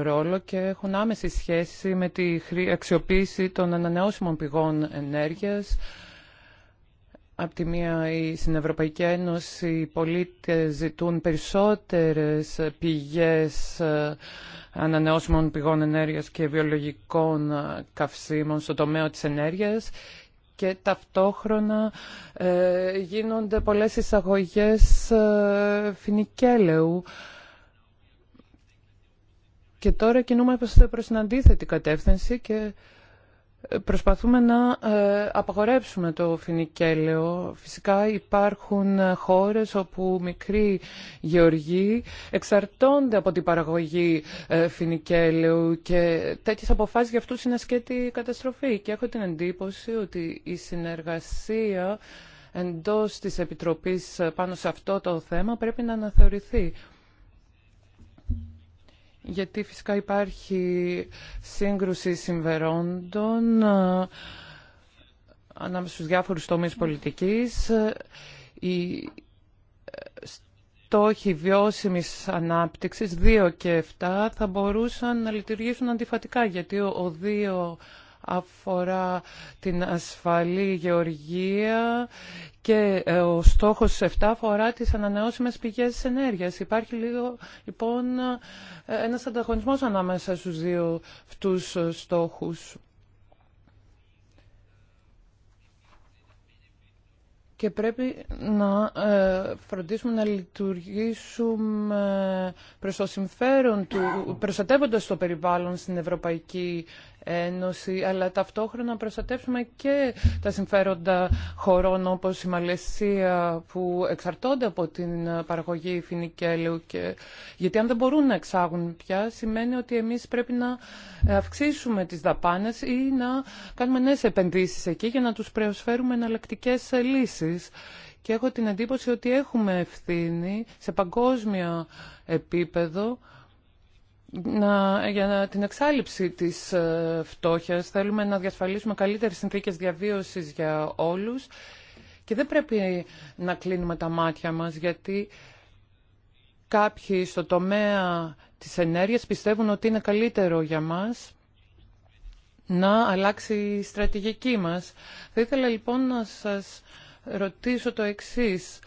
ρόλο και έχουν άμεση σχέση με τη αξιοποίηση των ανανεώσιμων πηγών ενέργειας, από τη μία, στην Ευρωπαϊκή Ένωση οι πολίτες ζητούν περισσότερες πηγές ε, ανανεώσιμων πηγών ενέργειας και βιολογικών ε, καυσίμων στο τομέα της ενέργειας και ταυτόχρονα ε, γίνονται πολλές εισαγωγές φοινικέλεου. Και τώρα κινούμε προς την αντίθετη κατεύθυνση και Προσπαθούμε να ε, απαγορέψουμε το φινικέλαιο. Φυσικά υπάρχουν χώρες όπου μικροί γεωργοί εξαρτώνται από την παραγωγή ε, φινικέλαιου και τέτοιες αποφάσεις για αυτούς είναι σκέτη καταστροφή. Και έχω την εντύπωση ότι η συνεργασία εντός της Επιτροπής πάνω σε αυτό το θέμα πρέπει να αναθεωρηθεί γιατί φυσικά υπάρχει σύγκρουση συμβερόντων ε, ανάμεσα στους διάφορους τομείς πολιτικής. Οι ε, στόχοι βιώσιμης ανάπτυξης 2 και 7 θα μπορούσαν να λειτουργήσουν αντιφατικά, γιατί ο 2 αφορά την ασφαλή γεωργία και ε, ο στόχος 7 αφορά τις ανανεώσιμες πηγές ενέργειας. Υπάρχει λίγο, λοιπόν, ε, ένας ανταγωνισμός ανάμεσα στους δύο αυτούς στόχους. Και πρέπει να ε, φροντίσουμε να λειτουργήσουμε προς το συμφέρον του, προστατεύοντας το περιβάλλον στην Ευρωπαϊκή Ένωση, αλλά ταυτόχρονα προστατεύσουμε και τα συμφέροντα χωρών όπως η Μαλαισία που εξαρτώνται από την παραγωγή φινικέλου. και... γιατί αν δεν μπορούν να εξάγουν πια σημαίνει ότι εμείς πρέπει να αυξήσουμε τις δαπάνες ή να κάνουμε νέες επενδύσεις εκεί για να τους προσφέρουμε εναλλακτικέ λύσεις και έχω την εντύπωση ότι έχουμε ευθύνη σε παγκόσμιο επίπεδο να, για την εξάλληψη της ε, φτώχειας. Θέλουμε να διασφαλίσουμε καλύτερες συνθήκες διαβίωσης για όλους και δεν πρέπει να κλείνουμε τα μάτια μας γιατί κάποιοι στο τομέα της ενέργειας πιστεύουν ότι είναι καλύτερο για μας να αλλάξει η στρατηγική μας. Θα ήθελα λοιπόν να σας ρωτήσω το εξής.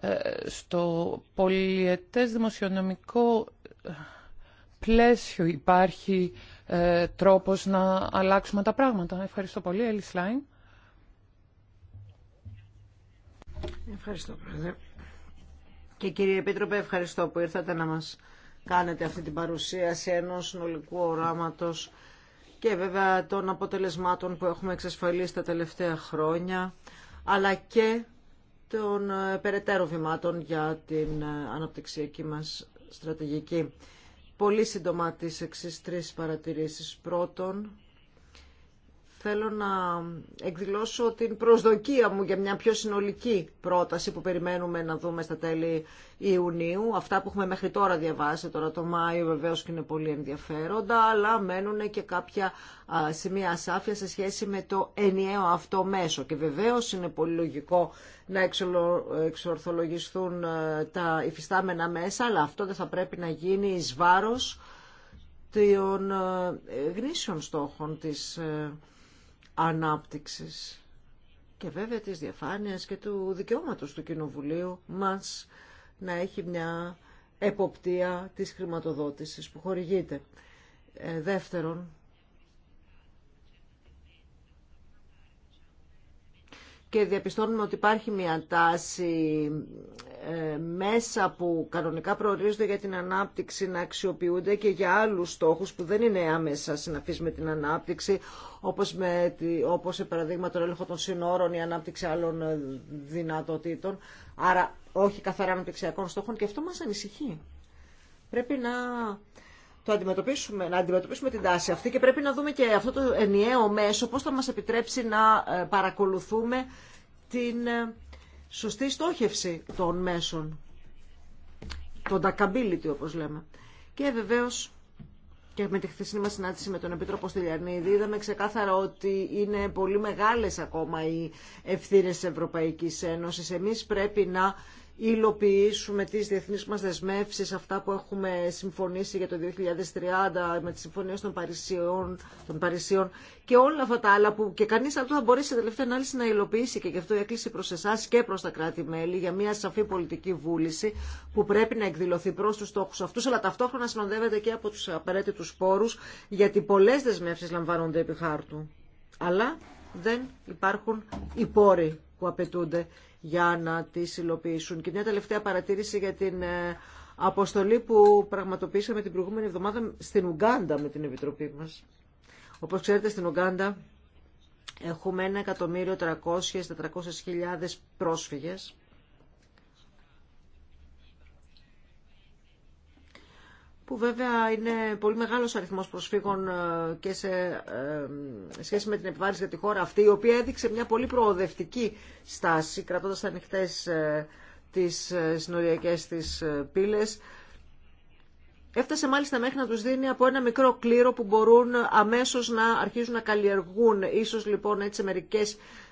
Ε, στο πολιετές δημοσιονομικό πλαίσιο υπάρχει ε, τρόπος να αλλάξουμε τα πράγματα. Ευχαριστώ πολύ, Έλλη Ευχαριστώ, Πρόεδρε. Και κύριε Επίτροπε, ευχαριστώ που ήρθατε να μας κάνετε αυτή την παρουσίαση ενός συνολικού οράματος και βέβαια των αποτελεσμάτων που έχουμε εξασφαλίσει τα τελευταία χρόνια, αλλά και των ε, περαιτέρω βημάτων για την ε, αναπτυξιακή μας στρατηγική πολύ σύντομα τις εξής τρεις παρατηρήσεις. Πρώτον, θέλω να εκδηλώσω την προσδοκία μου για μια πιο συνολική πρόταση που περιμένουμε να δούμε στα τέλη Ιουνίου. Αυτά που έχουμε μέχρι τώρα διαβάσει, τώρα το Μάιο βεβαίως και είναι πολύ ενδιαφέροντα, αλλά μένουν και κάποια σημεία ασάφεια σε σχέση με το ενιαίο αυτό μέσο. Και βεβαίως είναι πολύ λογικό να εξορθολογιστούν τα υφιστάμενα μέσα, αλλά αυτό δεν θα πρέπει να γίνει εις βάρος των ε, γνήσιων στόχων της ε, ανάπτυξης και βέβαια της διαφάνειας και του δικαιώματος του Κοινοβουλίου μας να έχει μια εποπτεία της χρηματοδότησης που χορηγείται. Ε, δεύτερον, και διαπιστώνουμε ότι υπάρχει μια τάση ε, μέσα που κανονικά προορίζονται για την ανάπτυξη να αξιοποιούνται και για άλλους στόχους που δεν είναι άμεσα συναφείς με την ανάπτυξη, όπως, με, όπως σε παραδείγμα τον έλεγχο των συνόρων ή ανάπτυξη άλλων ε, δυνατοτήτων, άρα όχι καθαρά αναπτυξιακών στόχων και αυτό μας ανησυχεί. Πρέπει να το αντιμετωπίσουμε, να αντιμετωπίσουμε την τάση αυτή και πρέπει να δούμε και αυτό το ενιαίο μέσο πώς θα μας επιτρέψει να ε, παρακολουθούμε την ε, σωστή στόχευση των μέσων. Το accountability όπως λέμε. Και βεβαίως και με τη χθεσινή μας συνάντηση με τον Επίτροπο Στυλιανίδη είδαμε ξεκάθαρα ότι είναι πολύ μεγάλες ακόμα οι ευθύνες της Ευρωπαϊκής Ένωσης. Εμείς πρέπει να υλοποιήσουμε τις διεθνείς μας δεσμεύσεις, αυτά που έχουμε συμφωνήσει για το 2030 με τις συμφωνίες των Παρισιών, των Παρισιών και όλα αυτά τα άλλα που και κανείς αυτό θα μπορεί σε τελευταία ανάλυση να υλοποιήσει και γι' αυτό η έκκληση προς εσάς και προς τα κράτη-μέλη για μια σαφή πολιτική βούληση που πρέπει να εκδηλωθεί προς τους στόχους αυτούς αλλά ταυτόχρονα συνοδεύεται και από τους απαραίτητους πόρους γιατί πολλές δεσμεύσεις λαμβάνονται επί χάρτου αλλά δεν υπάρχουν οι πόροι που απαιτούνται για να τις υλοποιήσουν. Και μια τελευταία παρατήρηση για την ε, αποστολή που πραγματοποιήσαμε την προηγούμενη εβδομάδα στην Ουγκάντα με την Επιτροπή μας. Όπως ξέρετε στην Ουγκάντα έχουμε 1.300.000-400.000 πρόσφυγες που βέβαια είναι πολύ μεγάλος αριθμός προσφύγων ε, και σε ε, σχέση με την επιβάρηση για τη χώρα αυτή, η οποία έδειξε μια πολύ προοδευτική στάση, κρατώντας ανοιχτές ε, τις συνοριακές της πύλες. Έφτασε μάλιστα μέχρι να τους δίνει από ένα μικρό κλήρο που μπορούν αμέσως να αρχίζουν να καλλιεργούν. Ίσως λοιπόν έτσι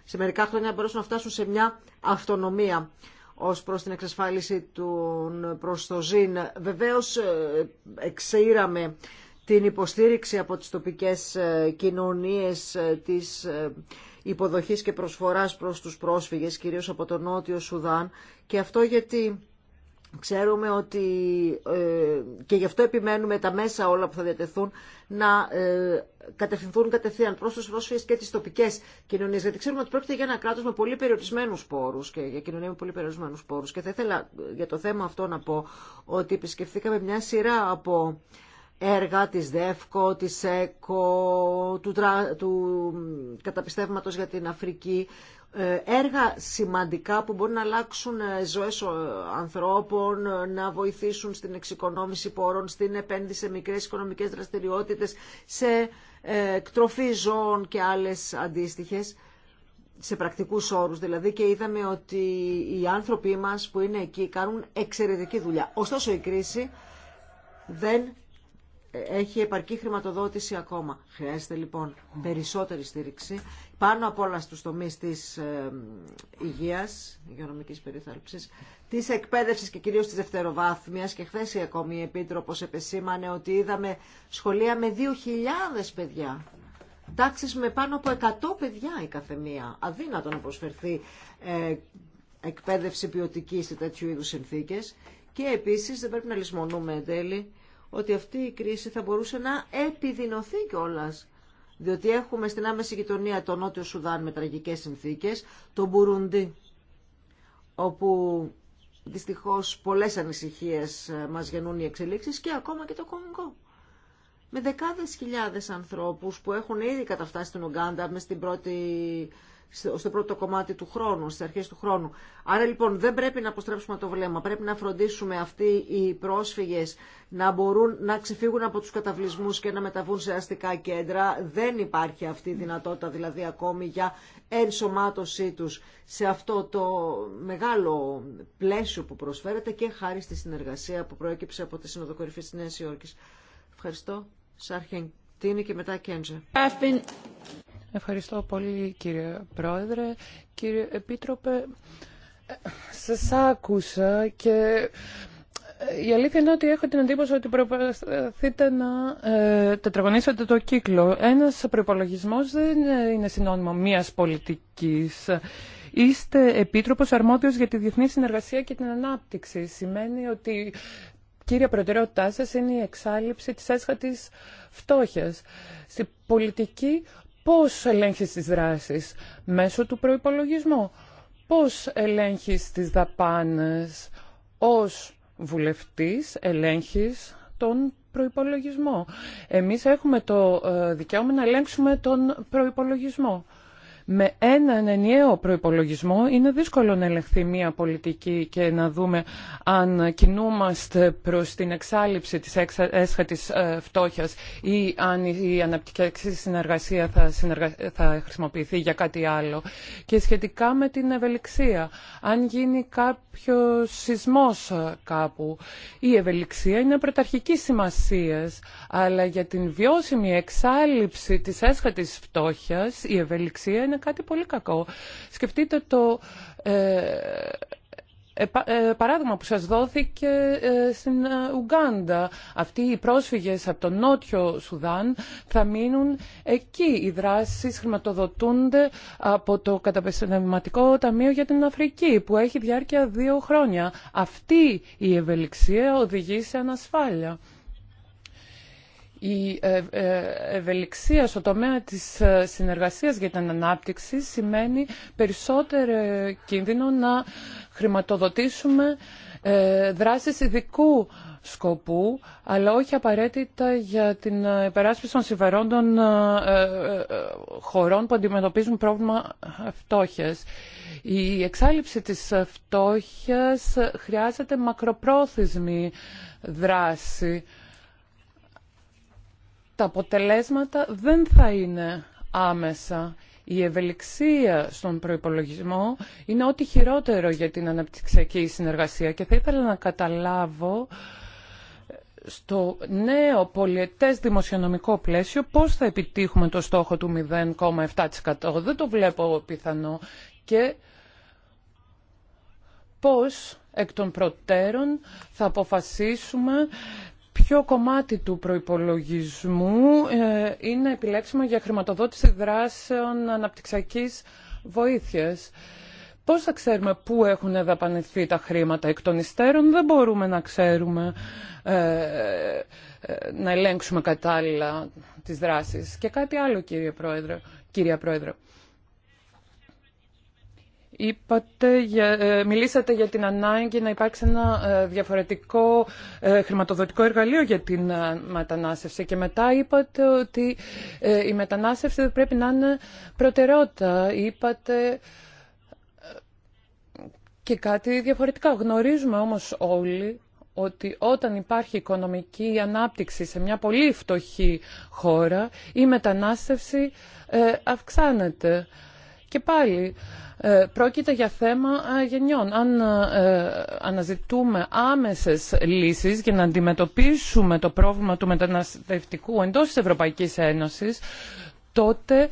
σε, μερικά χρόνια μπορούν να φτάσουν σε μια αυτονομία ως προς την εξασφάλιση του προστοζήν. Βεβαίως ε, εξήραμε την υποστήριξη από τις τοπικές ε, κοινωνίες ε, της υποδοχής και προσφοράς προς τους πρόσφυγες, κυρίως από τον Νότιο Σουδάν. Και αυτό γιατί Ξέρουμε ότι ε, και γι' αυτό επιμένουμε τα μέσα όλα που θα διατεθούν να ε, κατευθυνθούν κατευθείαν προ τους πρόσφυγε και τι τοπικέ κοινωνίε. Γιατί ξέρουμε ότι πρόκειται για ένα κράτο με πολύ περιορισμένου πόρου και για κοινωνία με πολύ περιορισμένου πόρου. Και θα ήθελα ε, για το θέμα αυτό να πω ότι επισκεφθήκαμε μια σειρά από έργα της ΔΕΦΚΟ, της ΕΚΟ, του, του καταπιστεύματος για την Αφρική, έργα σημαντικά που μπορεί να αλλάξουν ε, ζωές ε, ανθρώπων, ε, να βοηθήσουν στην εξοικονόμηση πόρων, στην επένδυση σε μικρές οικονομικές δραστηριότητες, σε εκτροφή ζώων και άλλες αντίστοιχες, σε πρακτικούς όρους δηλαδή και είδαμε ότι οι άνθρωποι μας που είναι εκεί κάνουν εξαιρετική δουλειά. Ωστόσο η κρίση δεν έχει επαρκή χρηματοδότηση ακόμα. Χρειάζεται λοιπόν περισσότερη στήριξη πάνω από όλα στους τομείς της ε, υγείας, υγειονομικής περιθάλψης, της εκπαίδευσης και κυρίως της δευτεροβάθμιας και χθε η ακόμη Επίτροπος επεσήμανε ότι είδαμε σχολεία με 2.000 παιδιά. Τάξεις με πάνω από 100 παιδιά η καθεμία. Αδύνατο να προσφερθεί ε, εκπαίδευση ποιοτική σε τέτοιου είδους συνθήκες. Και επίσης δεν πρέπει να λησμονούμε εν τέλει ότι αυτή η κρίση θα μπορούσε να επιδεινωθεί κιόλα. Διότι έχουμε στην άμεση γειτονία το Νότιο Σουδάν με τραγικές συνθήκες, το Μπουρούντι, όπου δυστυχώς πολλές ανησυχίες ε, μας γεννούν οι εξελίξεις και ακόμα και το Κονγκό. Με δεκάδες χιλιάδες ανθρώπους που έχουν ήδη καταφτάσει στην Ουγγάντα με στην πρώτη στο πρώτο κομμάτι του χρόνου, στις αρχές του χρόνου. Άρα λοιπόν δεν πρέπει να αποστρέψουμε το βλέμμα, πρέπει να φροντίσουμε αυτοί οι πρόσφυγες να μπορούν να ξεφύγουν από τους καταβλισμούς και να μεταβούν σε αστικά κέντρα. Δεν υπάρχει αυτή η δυνατότητα δηλαδή ακόμη για ενσωμάτωσή τους σε αυτό το μεγάλο πλαίσιο που προσφέρεται και χάρη στη συνεργασία που προέκυψε από τη Συνοδοκορυφή της Νέας Υόρκης. Ευχαριστώ. Σάρχεν, τι και μετά Κέντζε. Ευχαριστώ πολύ κύριε Πρόεδρε. Κύριε Επίτροπε, σας άκουσα και ε, η αλήθεια είναι ότι έχω την εντύπωση ότι προσπαθείτε να ε, τετραγωνίσετε το κύκλο. Ένας προπολογισμό δεν ε, είναι συνώνυμο μίας πολιτικής. Είστε επίτροπος αρμόδιος για τη διεθνή συνεργασία και την ανάπτυξη. Σημαίνει ότι κύρια προτεραιότητά σας είναι η εξάλληψη της έσχατης φτώχειας. Στη πολιτική Πώς ελέγχεις τις δράσεις μέσω του προϋπολογισμού. Πώς ελέγχεις τις δαπάνες ως βουλευτής, ελέγχεις τον προϋπολογισμό. Εμείς έχουμε το ε, δικαίωμα να ελέγξουμε τον προϋπολογισμό με έναν ενιαίο προϋπολογισμό είναι δύσκολο να ελεγχθεί μια πολιτική και να δούμε αν κινούμαστε προς την εξάλληψη της έσχατης ε, φτώχειας ή αν η αναπτυξιακή συνεργασία θα, χρησιμοποιηθεί για κάτι άλλο. Και σχετικά με την ευελιξία, αν γίνει κάποιο σεισμός κάπου, η ευελιξία είναι πρωταρχική σημασία, αλλά για την βιώσιμη εξάλληψη της έσχατης φτώχειας η ευελιξία είναι είναι κάτι πολύ κακό. Σκεφτείτε το ε, ε, ε, παράδειγμα που σας δόθηκε στην Ουγκάντα. Αυτοί οι πρόσφυγες από το νότιο Σουδάν θα μείνουν εκεί. Οι δράσεις χρηματοδοτούνται από το Καταπαιδευματικό Ταμείο για την Αφρική που έχει διάρκεια δύο χρόνια. Αυτή η ευελιξία οδηγεί σε ανασφάλεια. Η ε, ευελιξία στο τομέα της ε, συνεργασίας για την ανάπτυξη σημαίνει περισσότερο κίνδυνο να χρηματοδοτήσουμε ε, δράσεις ειδικού σκοπού, αλλά όχι απαραίτητα για την υπεράσπιση των συμφερόντων χωρών που αντιμετωπίζουν πρόβλημα φτώχειας. Η εξάλληψη της φτώχειας χρειάζεται μακροπρόθεσμη δράση τα αποτελέσματα δεν θα είναι άμεσα. Η ευελιξία στον προϋπολογισμό είναι ό,τι χειρότερο για την αναπτυξιακή συνεργασία και θα ήθελα να καταλάβω στο νέο πολιετές δημοσιονομικό πλαίσιο πώς θα επιτύχουμε το στόχο του 0,7%. Δεν το βλέπω πιθανό και πώς εκ των προτέρων θα αποφασίσουμε ποιο κομμάτι του προϋπολογισμού ε, είναι επιλέξιμο για χρηματοδότηση δράσεων αναπτυξιακής βοήθειας. Πώς θα ξέρουμε πού έχουν δαπανηθεί τα χρήματα εκ των υστέρων, δεν μπορούμε να ξέρουμε, ε, ε, να ελέγξουμε κατάλληλα τις δράσεις. Και κάτι άλλο κύριε Πρόεδρε, κύριε Πρόεδρε. Είπατε, ε, μιλήσατε για την ανάγκη να υπάρξει ένα ε, διαφορετικό ε, χρηματοδοτικό εργαλείο για την μετανάστευση και μετά είπατε ότι η μετανάστευση πρέπει να είναι προτεραιότητα. Είπατε και κάτι διαφορετικά. Γνωρίζουμε όμως όλοι ότι όταν υπάρχει οικονομική ανάπτυξη σε μια πολύ φτωχή χώρα, η μετανάστευση αυξάνεται. Και πάλι ε, πρόκειται για θέμα ε, γενιών. Αν ε, αναζητούμε άμεσες λύσεις για να αντιμετωπίσουμε το πρόβλημα του μεταναστευτικού εντός της Ευρωπαϊκής Ένωσης, τότε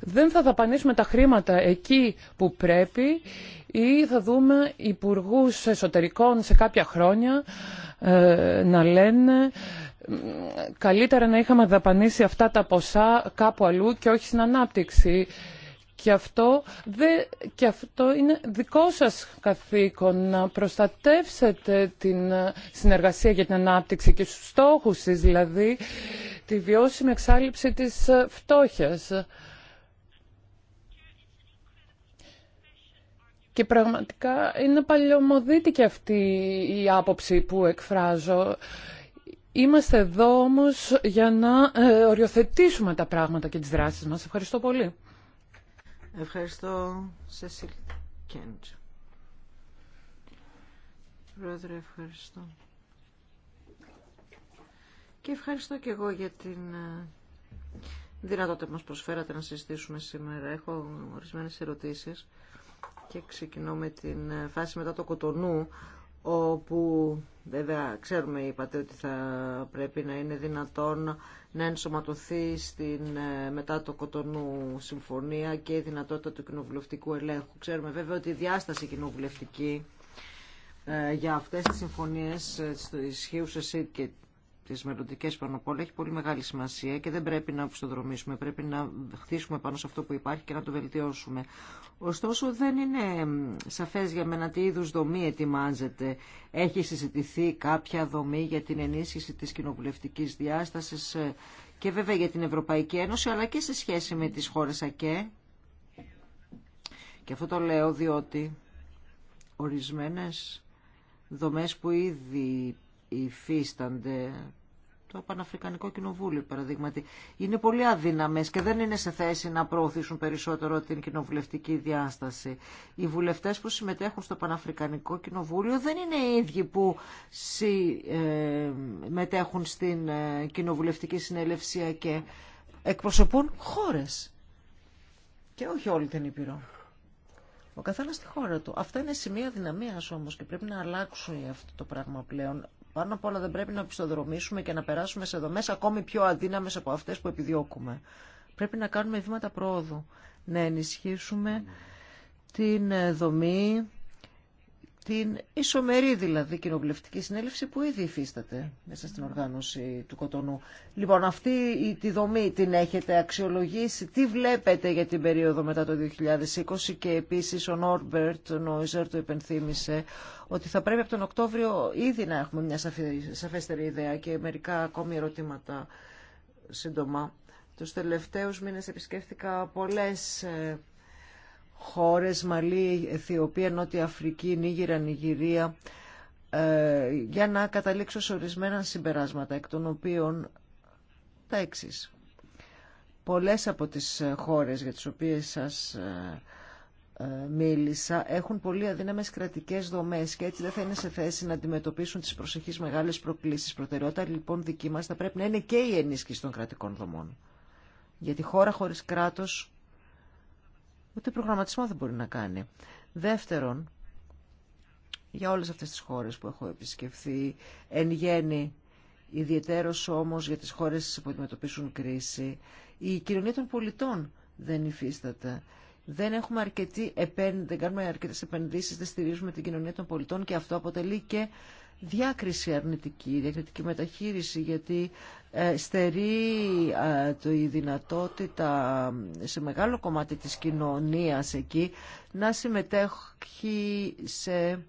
δεν θα δαπανίσουμε τα χρήματα εκεί που πρέπει ή θα δούμε υπουργού εσωτερικών σε κάποια χρόνια να λένε καλύτερα να είχαμε δαπανίσει αυτά τα ποσά κάπου αλλού και όχι στην ανάπτυξη. Και αυτό, δε, και αυτό είναι δικό σας καθήκον να προστατεύσετε την ε, συνεργασία για την ανάπτυξη και στους στόχους της, δηλαδή τη βιώσιμη εξάλληψη της ε, φτώχειας. Και πραγματικά είναι και αυτή η άποψη που εκφράζω. Είμαστε εδώ όμως για να ε, οριοθετήσουμε τα πράγματα και τις δράσεις μας. Ευχαριστώ πολύ. Ευχαριστώ, Σεσίλ Κέντ. Πρόεδρε, ευχαριστώ. Και ευχαριστώ και εγώ για την ε, δυνατότητα που μας προσφέρατε να συζητήσουμε σήμερα. Έχω ορισμένες ερωτήσεις και ξεκινώ με την ε, φάση μετά το κοτονού όπου βέβαια ξέρουμε είπατε ότι θα πρέπει να είναι δυνατόν να ενσωματωθεί στην, ε, μετά το Κοτονού Συμφωνία και η δυνατότητα του κοινοβουλευτικού ελέγχου. Ξέρουμε βέβαια ότι η διάσταση κοινοβουλευτική ε, για αυτές τις συμφωνίες ε, στο ισχύουσε και πάνω απ' όλα έχει πολύ μεγάλη σημασία και δεν πρέπει να οπισθοδρομήσουμε, πρέπει να χτίσουμε πάνω σε αυτό που υπάρχει και να το βελτιώσουμε. Ωστόσο δεν είναι σαφές για μένα τι είδους δομή ετοιμάζεται. Έχει συζητηθεί κάποια δομή για την ενίσχυση της κοινοβουλευτική διάσταση ε, και βέβαια για την Ευρωπαϊκή Ένωση αλλά και σε σχέση με τι χώρε ΑΚΕ. Και αυτό το λέω διότι ορισμένες δομές που ήδη υφίστανται το Παναφρικανικό Κοινοβούλιο, παραδείγματι, είναι πολύ αδύναμες και δεν είναι σε θέση να προωθήσουν περισσότερο την κοινοβουλευτική διάσταση. Οι βουλευτές που συμμετέχουν στο Παναφρικανικό Κοινοβούλιο δεν είναι οι ίδιοι που συμμετέχουν ε, στην ε, κοινοβουλευτική συνελευσία και εκπροσωπούν χώρες. Και όχι όλη την Ήπειρο. Ο καθένας στη χώρα του. Αυτά είναι σημεία δυναμίας όμως και πρέπει να αλλάξουν αυτό το πράγμα πλέον. Πάνω απ' όλα δεν πρέπει να πιστοδρομήσουμε και να περάσουμε σε δομές ακόμη πιο αδύναμες από αυτές που επιδιώκουμε. Πρέπει να κάνουμε βήματα πρόοδου, να ενισχύσουμε την ε, δομή την ισομερή δηλαδή κοινοβουλευτική συνέλευση που ήδη υφίσταται μέσα στην οργάνωση του Κοτονού. Λοιπόν, αυτή τη δομή την έχετε αξιολογήσει, τι βλέπετε για την περίοδο μετά το 2020 και επίσης ο Νόρμπερτ Νόιζερ το υπενθύμησε ότι θα πρέπει από τον Οκτώβριο ήδη να έχουμε μια σαφέστερη ιδέα και μερικά ακόμη ερωτήματα σύντομα. Τους τελευταίους μήνες επισκέφθηκα πολλές ε, χώρες, Μαλή, Αιθιοπία, Νότια Αφρική, Νίγηρα, Νιγηρία, ε, για να καταλήξω σε ορισμένα συμπεράσματα, εκ των οποίων τα έξι. Πολλές από τις χώρες για τις οποίες σας ε, ε, μίλησα έχουν πολύ αδύναμες κρατικές δομές και έτσι δεν θα είναι σε θέση να αντιμετωπίσουν τις προσεχείς μεγάλες προκλήσεις. Προτεραιότητα λοιπόν δική μας θα πρέπει να είναι και η ενίσχυση των κρατικών δομών. Γιατί χώρα χωρίς κράτος ούτε προγραμματισμό δεν μπορεί να κάνει. Δεύτερον, για όλες αυτές τις χώρες που έχω επισκεφθεί, εν γέννη, ιδιαιτέρως όμως για τις χώρες που αντιμετωπίσουν κρίση, η κοινωνία των πολιτών δεν υφίσταται. Δεν, έχουμε αρκετή επένδυση, δεν κάνουμε αρκετές επενδύσεις, δεν στηρίζουμε την κοινωνία των πολιτών και αυτό αποτελεί και διάκριση αρνητική, διακριτική μεταχείριση γιατί ε, στερεί ε, η δυνατότητα ε, σε μεγάλο κομμάτι της κοινωνίας εκεί να συμμετέχει σε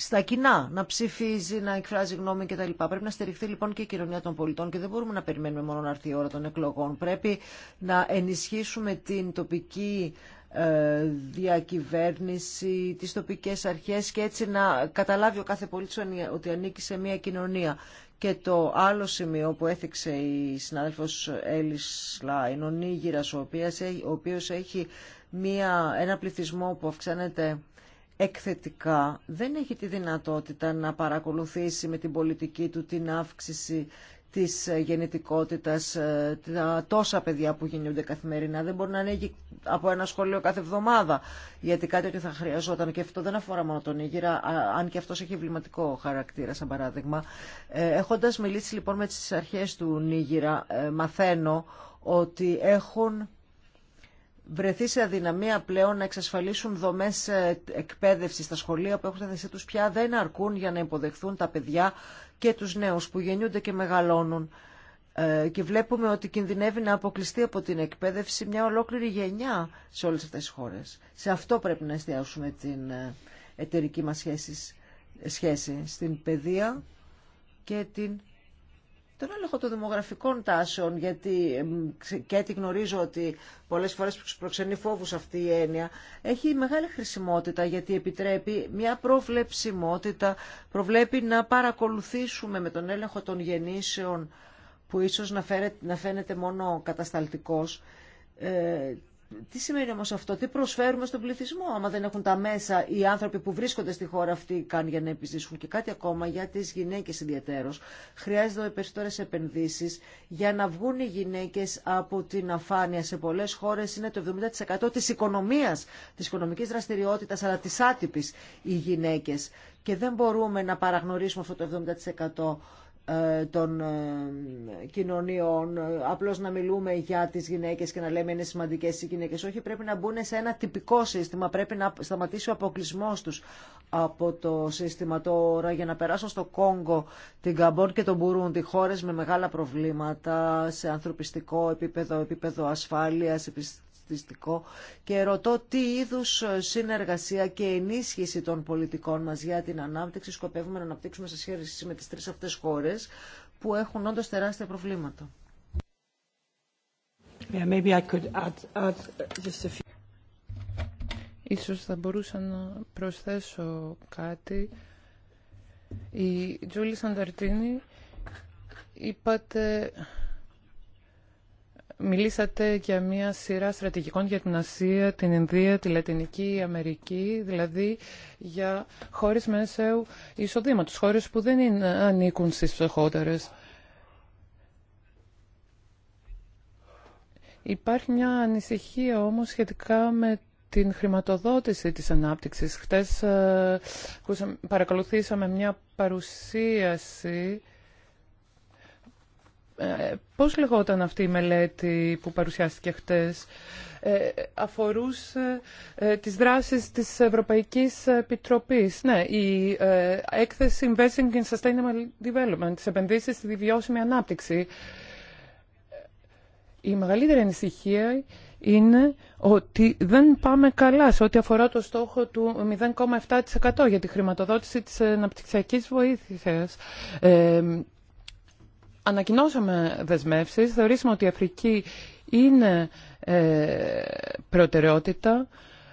στα κοινά, να ψηφίζει, να εκφράζει γνώμη κτλ. Πρέπει να στηριχθεί λοιπόν και η κοινωνία των πολιτών και δεν μπορούμε να περιμένουμε μόνο να έρθει η ώρα των εκλογών. Πρέπει να ενισχύσουμε την τοπική ε, διακυβέρνηση, τις τοπικές αρχές και έτσι να καταλάβει ο κάθε πολίτης ότι ανήκει σε μια κοινωνία. Και το άλλο σημείο που έθιξε η συνάδελφος Έλλης Λάιν, ο Νίγηρας, ο οποίος έχει μια, ένα πληθυσμό που αυξάνεται εκθετικά δεν έχει τη δυνατότητα να παρακολουθήσει με την πολιτική του την αύξηση της ε, γενετικότητας ε, τα τόσα παιδιά που γεννιούνται καθημερινά. Δεν μπορεί να ανοίγει από ένα σχολείο κάθε εβδομάδα, γιατί κάτι ότι θα χρειαζόταν. Και αυτό δεν αφορά μόνο τον Ήγηρα, αν και αυτός έχει βληματικό χαρακτήρα, σαν παράδειγμα. Ε, έχοντας μιλήσει λοιπόν με τις αρχές του Νίγηρα, μαθαίνω ότι έχουν βρεθεί σε αδυναμία πλέον να εξασφαλίσουν δομές ε, εκπαίδευση στα σχολεία που έχουν θέσει πια δεν αρκούν για να υποδεχθούν τα παιδιά και τους νέους που γεννιούνται και μεγαλώνουν. Ε, και βλέπουμε ότι κινδυνεύει να αποκλειστεί από την εκπαίδευση μια ολόκληρη γενιά σε όλες αυτές τις χώρες. Σε αυτό πρέπει να εστιάσουμε την ε, εταιρική μας σχέση, στην παιδεία και την τον έλεγχο των δημογραφικών τάσεων, γιατί και τη γνωρίζω ότι πολλές φορές προξενεί φόβους αυτή η έννοια, έχει μεγάλη χρησιμότητα γιατί επιτρέπει μια προβλεψιμότητα, προβλέπει να παρακολουθήσουμε με τον έλεγχο των γεννήσεων, που ίσως να, φαίνεται μόνο κατασταλτικός, ε, τι σημαίνει όμως αυτό, τι προσφέρουμε στον πληθυσμό, άμα δεν έχουν τα μέσα οι άνθρωποι που βρίσκονται στη χώρα αυτή καν για να επιζήσουν και κάτι ακόμα για τις γυναίκες ιδιαίτερως. Χρειάζονται περισσότερες επενδύσεις για να βγουν οι γυναίκες από την αφάνεια. Σε πολλές χώρες είναι το 70% της οικονομίας, της οικονομικής δραστηριότητας, αλλά της άτυπης οι γυναίκες. Και δεν μπορούμε να παραγνωρίσουμε αυτό το 70% ε, των ε, κοινωνιών, ε, απλώς να μιλούμε για τις γυναίκες και να λέμε είναι σημαντικές οι γυναίκες. Όχι, πρέπει να μπουν σε ένα τυπικό σύστημα, πρέπει να σταματήσει ο αποκλεισμό τους από το σύστημα τώρα για να περάσω στο Κόγκο, την Καμπόν και τον Μπουρούντι, χώρες με μεγάλα προβλήματα σε ανθρωπιστικό επίπεδο, επίπεδο ασφάλειας, και ρωτώ τι είδους συνεργασία και ενίσχυση των πολιτικών μας για την ανάπτυξη σκοπεύουμε να αναπτύξουμε σε σχέση με τις τρεις αυτές χώρες που έχουν όντως τεράστια προβλήματα. Yeah, maybe I could add, add just a few... Ίσως θα μπορούσα να προσθέσω κάτι. Η Τζούλη Σανταρτίνη είπατε μιλήσατε για μια σειρά στρατηγικών για την Ασία, την Ινδία, τη Λατινική Αμερική, δηλαδή για χώρες μεσαίου εισοδήματος, χώρες που δεν είναι, ανήκουν στις ψεχότερες. Υπάρχει μια ανησυχία όμως σχετικά με την χρηματοδότηση της ανάπτυξης. Χτες ε, παρακολουθήσαμε μια παρουσίαση ε, πώς λεγόταν αυτή η μελέτη που παρουσιάστηκε χτες, ε, αφορούσε ε, τις δράσεις της Ευρωπαϊκής Επιτροπής. Ναι, η έκθεση Investing in Sustainable Development, τις επενδύσεις στη βιώσιμη ανάπτυξη. Η μεγαλύτερη ανησυχία είναι ότι δεν πάμε καλά σε ό,τι αφορά το στόχο του 0,7% για τη χρηματοδότηση της αναπτυξιακής βοήθειας ανακοινώσαμε δεσμεύσεις, θεωρήσαμε ότι η Αφρική είναι ε, προτεραιότητα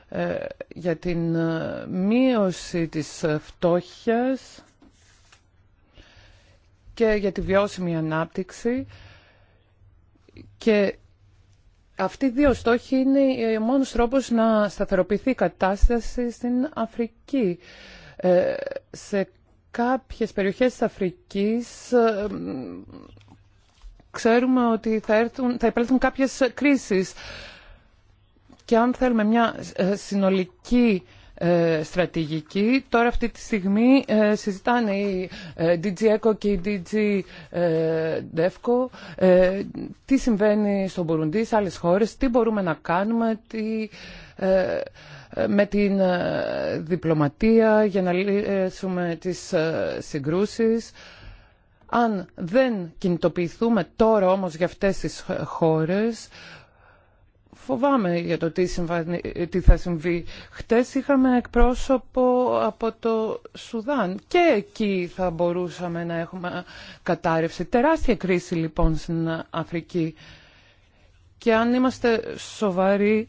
ε, για την ε, μείωση της φτώχειας και για τη βιώσιμη ανάπτυξη και αυτοί οι δύο στόχοι είναι ο μόνος τρόπος να σταθεροποιηθεί η κατάσταση στην Αφρική. σε κάποιες περιοχές της Αφρικής ε, ξέρουμε ότι θα, έρθουν, θα υπέλθουν κάποιες κρίσεις και αν θέλουμε μια ε, συνολική ε, στρατηγική. Τώρα αυτή τη στιγμή ε, συζητάνε η ε, DG ECO και η DG DEFCO τι συμβαίνει στον Μπουρουντή, σε άλλες χώρες, τι μπορούμε να κάνουμε, με την διπλωματία για να λύσουμε τις συγκρούσεις. Αν δεν κινητοποιηθούμε τώρα όμως για αυτές τις χώρες, φοβάμαι για το τι, θα συμβεί. Χτες είχαμε εκπρόσωπο από το Σουδάν και εκεί θα μπορούσαμε να έχουμε κατάρρευση. Τεράστια κρίση λοιπόν στην Αφρική. Και αν είμαστε σοβαροί,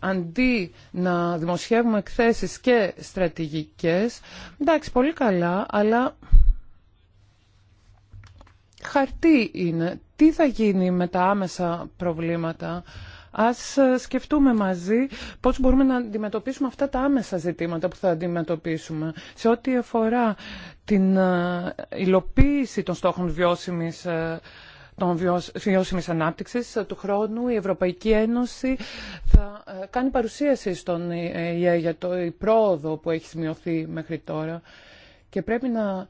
αντί να δημοσιεύουμε εκθέσεις και στρατηγικές, εντάξει, πολύ καλά, αλλά χαρτί είναι. Τι θα γίνει με τα άμεσα προβλήματα Ας ε, σκεφτούμε μαζί πώς μπορούμε να αντιμετωπίσουμε αυτά τα άμεσα ζητήματα που θα αντιμετωπίσουμε σε ό,τι αφορά την ε, υλοποίηση των στόχων βιώσιμης ε, των βιώσιμης ανάπτυξης του χρόνου, η Ευρωπαϊκή Ένωση θα κάνει παρουσίαση στον ΙΕ για το πρόοδο που έχει σημειωθεί μέχρι τώρα και πρέπει να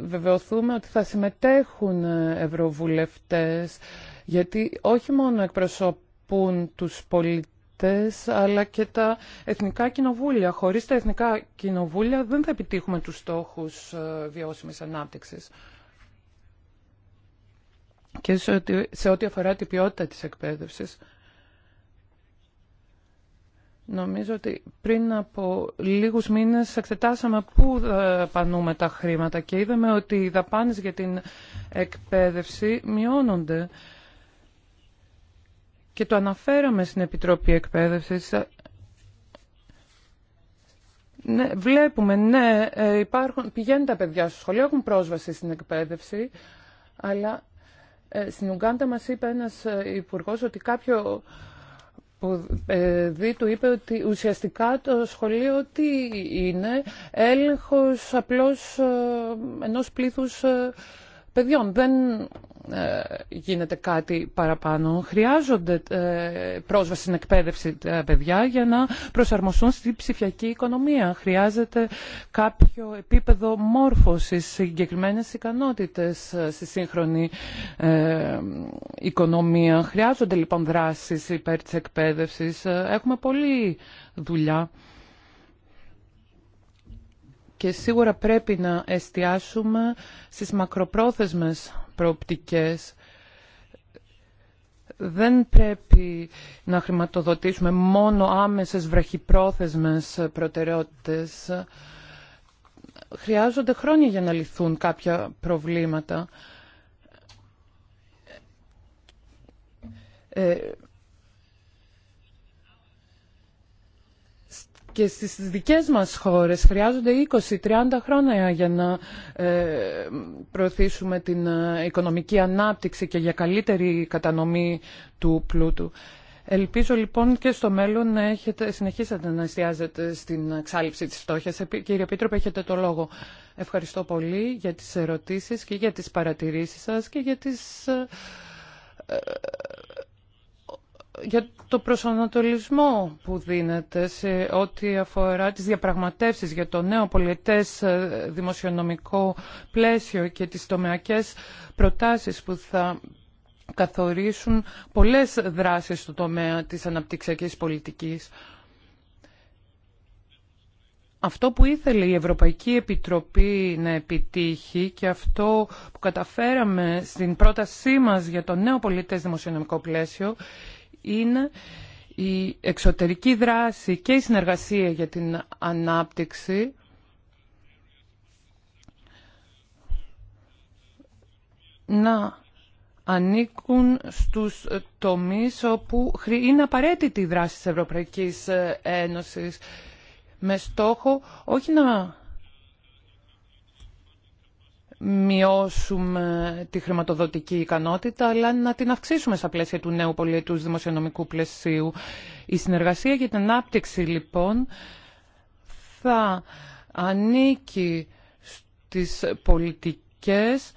βεβαιωθούμε ότι θα συμμετέχουν ευρωβουλευτές γιατί όχι μόνο εκπροσωπούν τους πολίτες, αλλά και τα εθνικά κοινοβούλια. Χωρίς τα εθνικά κοινοβούλια δεν θα επιτύχουμε τους στόχους ε, βιώσιμης ανάπτυξης. Και σε ό,τι αφορά την ποιότητα της εκπαίδευσης, Νομίζω ότι πριν από λίγους μήνες εξετάσαμε πού ε, πανούμε τα χρήματα και είδαμε ότι οι δαπάνες για την εκπαίδευση μειώνονται και το αναφέραμε στην Επιτροπή Εκπαίδευσης. Ναι, βλέπουμε, ναι, ε, υπάρχουν, πηγαίνουν τα παιδιά στο σχολείο, έχουν πρόσβαση στην εκπαίδευση, αλλά ε, στην Ουγγάντα μας είπε ένας ε, υπουργός ότι κάποιο παιδί του είπε ότι ουσιαστικά το σχολείο τι είναι, έλεγχος απλώς ενός πλήθους παιδιών. Δεν ε, γίνεται κάτι παραπάνω. Χρειάζονται ε, πρόσβαση στην εκπαίδευση τα ε, παιδιά για να προσαρμοστούν στη ψηφιακή οικονομία. Χρειάζεται κάποιο επίπεδο μόρφωσης, συγκεκριμένες ικανότητες στη σύγχρονη οικονομία. Χρειάζονται λοιπόν δράσεις υπέρ της εκπαίδευσης. Έχουμε πολλή δουλειά και σίγουρα πρέπει να εστιάσουμε στις μακροπρόθεσμες προοπτικές. Δεν πρέπει να χρηματοδοτήσουμε μόνο άμεσες βραχυπρόθεσμες προτεραιότητες. Χρειάζονται χρόνια για να λυθούν κάποια προβλήματα. Ε, και στις δικές μας χώρες χρειάζονται 20-30 χρόνια για να ε, προωθήσουμε την ε, οικονομική ανάπτυξη και για καλύτερη κατανομή του πλούτου. Ελπίζω λοιπόν και στο μέλλον να έχετε, συνεχίσετε να εστιάζετε στην εξάλληψη της φτώχειας. Κύριε Πίτροπε, έχετε το λόγο. Ευχαριστώ πολύ για τις ερωτήσεις και για τις παρατηρήσεις σας και για τις ε, για το προσανατολισμό που δίνεται σε ό,τι αφορά τις διαπραγματεύσεις για το νέο πολιτές ε, δημοσιονομικό πλαίσιο και τις τομεακές προτάσεις που θα καθορίσουν πολλές δράσεις στο τομέα της αναπτυξιακής πολιτικής. Αυτό που ήθελε η Ευρωπαϊκή Επιτροπή να επιτύχει και αυτό που καταφέραμε στην πρότασή μας για το νέο πολιτές δημοσιονομικό πλαίσιο είναι η εξωτερική δράση και η συνεργασία για την ανάπτυξη να ανήκουν στους τομείς όπου είναι απαραίτητη η δράση της Ευρωπαϊκής Ένωσης με στόχο όχι να μειώσουμε τη χρηματοδοτική ικανότητα, αλλά να την αυξήσουμε στα πλαίσια του νέου πολιτού δημοσιονομικού πλαισίου. Η συνεργασία για την ανάπτυξη, λοιπόν, θα ανήκει στις πολιτικές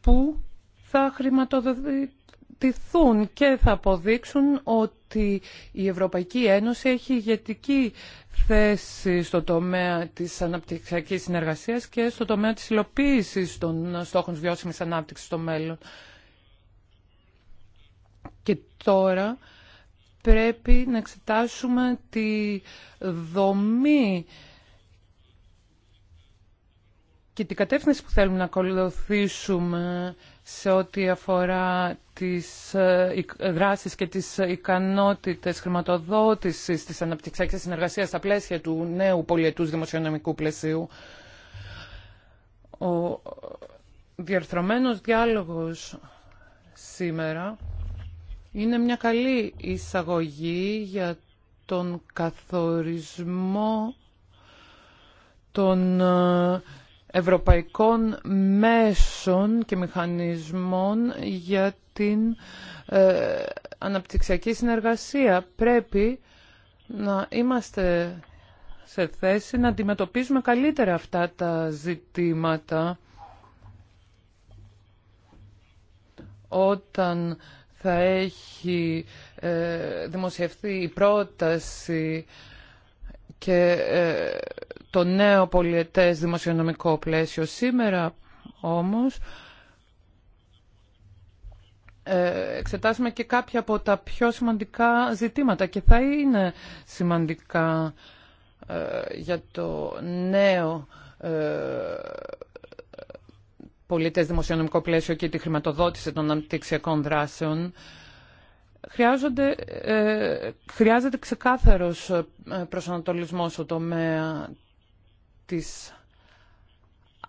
που θα χρηματοδοτεί και θα αποδείξουν ότι η Ευρωπαϊκή Ένωση έχει ηγετική θέση στο τομέα της αναπτυξιακής συνεργασίας και στο τομέα της υλοποίησης των στόχων βιώσιμης ανάπτυξης στο μέλλον. Και τώρα πρέπει να εξετάσουμε τη δομή και την κατεύθυνση που θέλουμε να ακολουθήσουμε σε ό,τι αφορά τις ε, ε, δράσεις και τις ικανότητες χρηματοδότησης της αναπτυξιακής συνεργασίας στα πλαίσια του νέου πολιετούς δημοσιονομικού πλαισίου. Ο διαρθρωμένος διάλογος σήμερα είναι μια καλή εισαγωγή για τον καθορισμό των ε, ευρωπαϊκών μέσων και μηχανισμών για την ε, αναπτυξιακή συνεργασία. Πρέπει να είμαστε σε θέση να αντιμετωπίζουμε καλύτερα αυτά τα ζητήματα όταν θα έχει ε, δημοσιευθεί η πρόταση και ε, το νέο πολιετές δημοσιονομικό πλαίσιο. Σήμερα όμως ε, εξετάσουμε και κάποια από τα πιο σημαντικά ζητήματα και θα είναι σημαντικά ε, για το νέο ε, πολίτες δημοσιονομικό πλαίσιο και τη χρηματοδότηση των αναπτυξιακών δράσεων. Χρειάζονται, χρειάζεται ξεκάθαρος προσανατολισμός στο τομέα της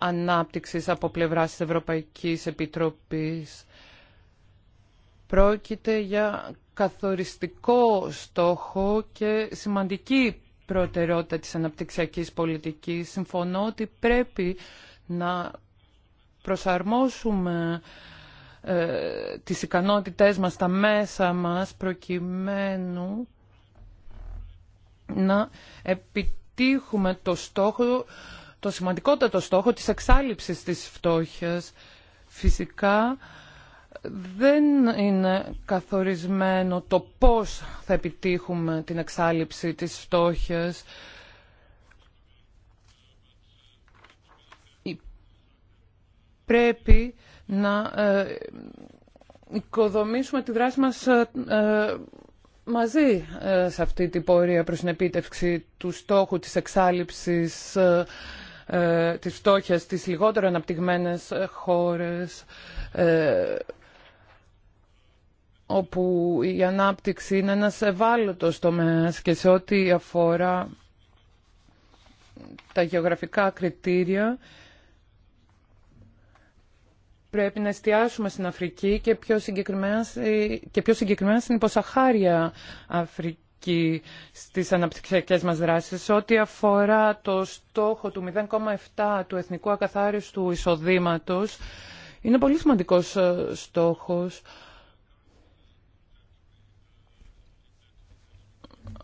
ανάπτυξης από πλευράς της Ευρωπαϊκής Επιτροπής. Πρόκειται για καθοριστικό στόχο και σημαντική προτεραιότητα της αναπτυξιακής πολιτικής. Συμφωνώ ότι πρέπει να προσαρμόσουμε ε, τις ικανότητές μας, τα μέσα μας, προκειμένου να επιτρέψουμε το στόχο, το σημαντικότατο στόχο της εξάλληψης της φτώχειας. Φυσικά δεν είναι καθορισμένο το πώς θα επιτύχουμε την εξάλληψη της φτώχειας. Πρέπει να ε, οικοδομήσουμε τη δράση μας ε, ε, μαζί ε, σε αυτή την πορεία προς την επίτευξη του στόχου της εξάλληψης ε, ε, της φτώχειας στις λιγότερο αναπτυγμένες χώρες όπου η ανάπτυξη είναι ένας ευάλωτος τομέας και σε ό,τι αφορά τα γεωγραφικά κριτήρια πρέπει να εστιάσουμε στην Αφρική και πιο συγκεκριμένα, ε, και πιο συγκεκριμένα στην υποσαχάρια Αφρική στις αναπτυξιακές μας δράσεις ό,τι αφορά το στόχο του 0,7 του εθνικού ακαθάριστου εισοδήματος είναι πολύ σημαντικός ε, στόχος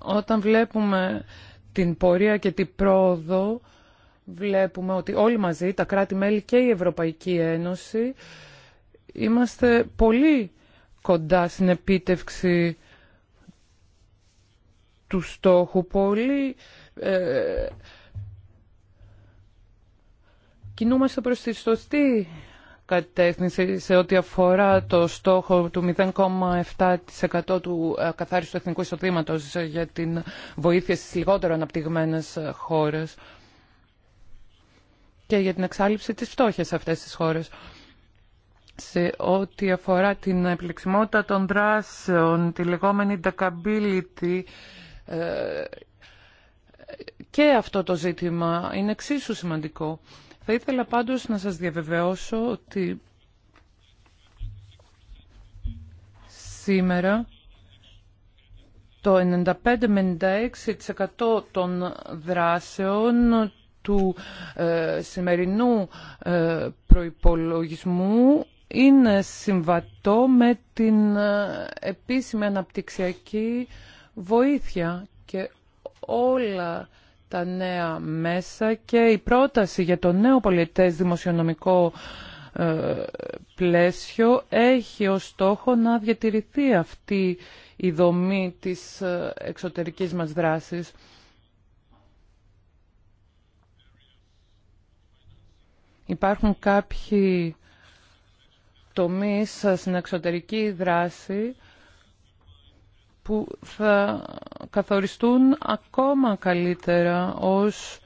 όταν βλέπουμε την πορεία και την πρόοδο βλέπουμε ότι όλοι μαζί, τα κράτη-μέλη και η Ευρωπαϊκή Ένωση, είμαστε πολύ κοντά στην επίτευξη του στόχου, πολύ ε, κινούμαστε προς τη σωστή κατεύθυνση σε ό,τι αφορά το στόχο του 0,7% του ε, καθάριστου εθνικού εισοδήματος ε, για την βοήθεια στις λιγότερο αναπτυγμένες ε, χώρες και για την εξάλληψη της φτώχειας σε αυτές τις χώρες. Σε ό,τι αφορά την επιλεξιμότητα των δράσεων, τη λεγόμενη ε, και αυτό το ζήτημα είναι εξίσου σημαντικό. Θα ήθελα πάντως να σας διαβεβαιώσω ότι σήμερα το 95 96% των δράσεων του ε, σημερινού ε, προϋπολογισμού είναι συμβατό με την ε, επίσημη αναπτυξιακή βοήθεια και όλα τα νέα μέσα και η πρόταση για το νέο πολιτές δημοσιονομικό πλαίσιο έχει ως στόχο να διατηρηθεί αυτή η δομή της εξωτερικής μας δράσης. Υπάρχουν κάποιοι τομείς στην εξωτερική δράση που θα καθοριστούν ακόμα καλύτερα ως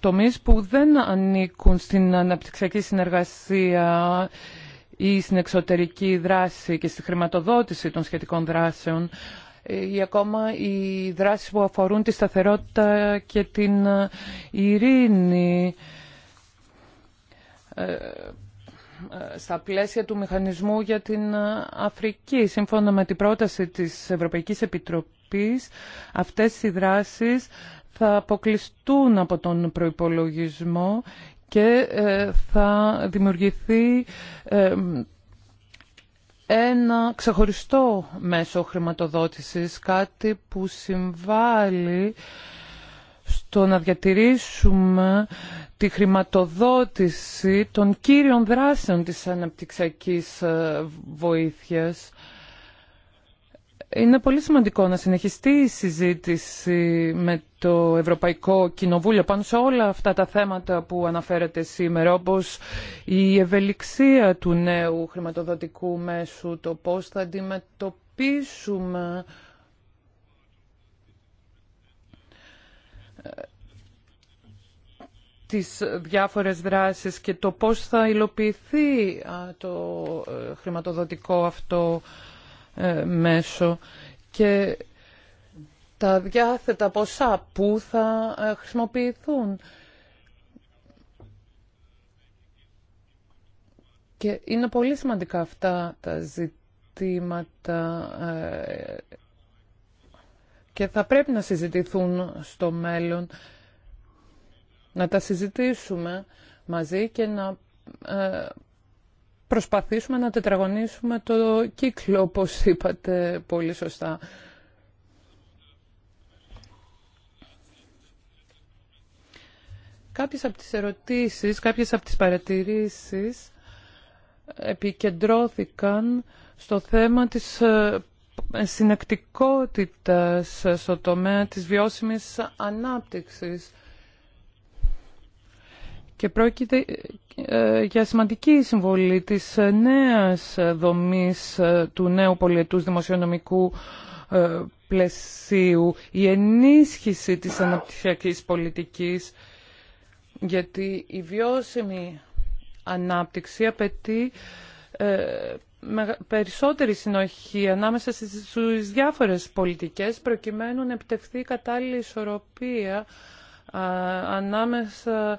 τομείς που δεν ανήκουν στην αναπτυξιακή συνεργασία ή στην εξωτερική δράση και στη χρηματοδότηση των σχετικών δράσεων ή ακόμα οι δράσεις που αφορούν τη σταθερότητα και την ειρήνη ε, ε, στα πλαίσια του μηχανισμού για την Αφρική. Σύμφωνα με την πρόταση της Ευρωπαϊκής Επιτροπής, αυτές οι δράσεις θα αποκλειστούν από τον προϋπολογισμό και ε, θα δημιουργηθεί ένα ξεχωριστό μέσο χρηματοδότησης, κάτι που συμβάλλει στο να διατηρήσουμε τη χρηματοδότηση των κύριων δράσεων της αναπτυξιακής ε, βοήθειας. Είναι πολύ σημαντικό να συνεχιστεί η συζήτηση με το Ευρωπαϊκό Κοινοβούλιο πάνω σε όλα αυτά τα θέματα που αναφέρετε σήμερα, όπως η ευελιξία του νέου χρηματοδοτικού μέσου, το πώς θα αντιμετωπίσουμε τις διάφορες δράσεις και το πώς θα υλοποιηθεί το ε, χρηματοδοτικό αυτό ε, μέσο και τα διάθετα ποσά που θα ε, χρησιμοποιηθούν. Και είναι πολύ σημαντικά αυτά τα ζητήματα και θα πρέπει να συζητηθούν στο μέλλον να τα συζητήσουμε μαζί και να ε, προσπαθήσουμε να τετραγωνίσουμε το κύκλο, όπως είπατε πολύ σωστά. Κάποιες από τις ερωτήσεις, κάποιες από τις παρατηρήσεις επικεντρώθηκαν στο θέμα της ε, συνεκτικότητας στο τομέα της βιώσιμης ανάπτυξης και πρόκειται ε, για σημαντική συμβολή της ε, νέας ε, δομής του νέου πολιετούς δημοσιονομικού πλαισίου, η ενίσχυση της αναπτυξιακής πολιτικής, γιατί η βιώσιμη ανάπτυξη απαιτεί περισσότερη συνοχή ανάμεσα στις διάφορες πολιτικές προκειμένου να επιτευχθεί κατάλληλη ισορροπία ανάμεσα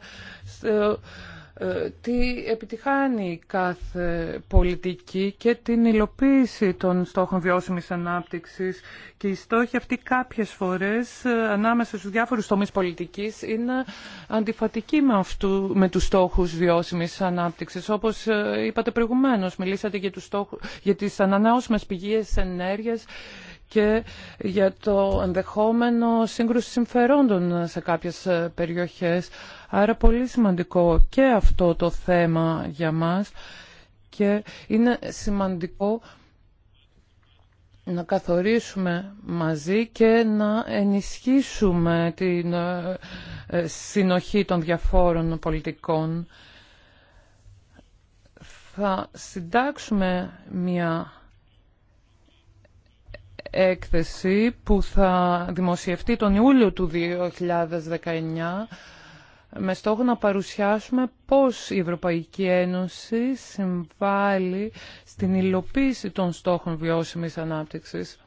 ε, τι επιτυχάνει κάθε πολιτική και την υλοποίηση των στόχων βιώσιμης ανάπτυξης και οι στόχοι αυτοί κάποιες φορές ε, ανάμεσα στους διάφορους τομείς πολιτικής είναι αντιφατικοί με, αυτού, με τους στόχους βιώσιμης ανάπτυξης. Όπως ε, είπατε προηγουμένως, μιλήσατε για, τους στόχους, για τις ανανεώσιμες πηγές ενέργειας και για το ενδεχόμενο σύγκρουση συμφερόντων σε κάποιες ε, περιοχές. Άρα πολύ σημαντικό και αυτό το θέμα για μας και είναι σημαντικό να καθορίσουμε μαζί και να ενισχύσουμε την ε, ε, συνοχή των διαφόρων πολιτικών. Θα συντάξουμε μια έκθεση που θα δημοσιευτεί τον Ιούλιο του 2019 με στόχο να παρουσιάσουμε πώς η Ευρωπαϊκή Ένωση συμβάλλει στην υλοποίηση των στόχων βιώσιμης ανάπτυξης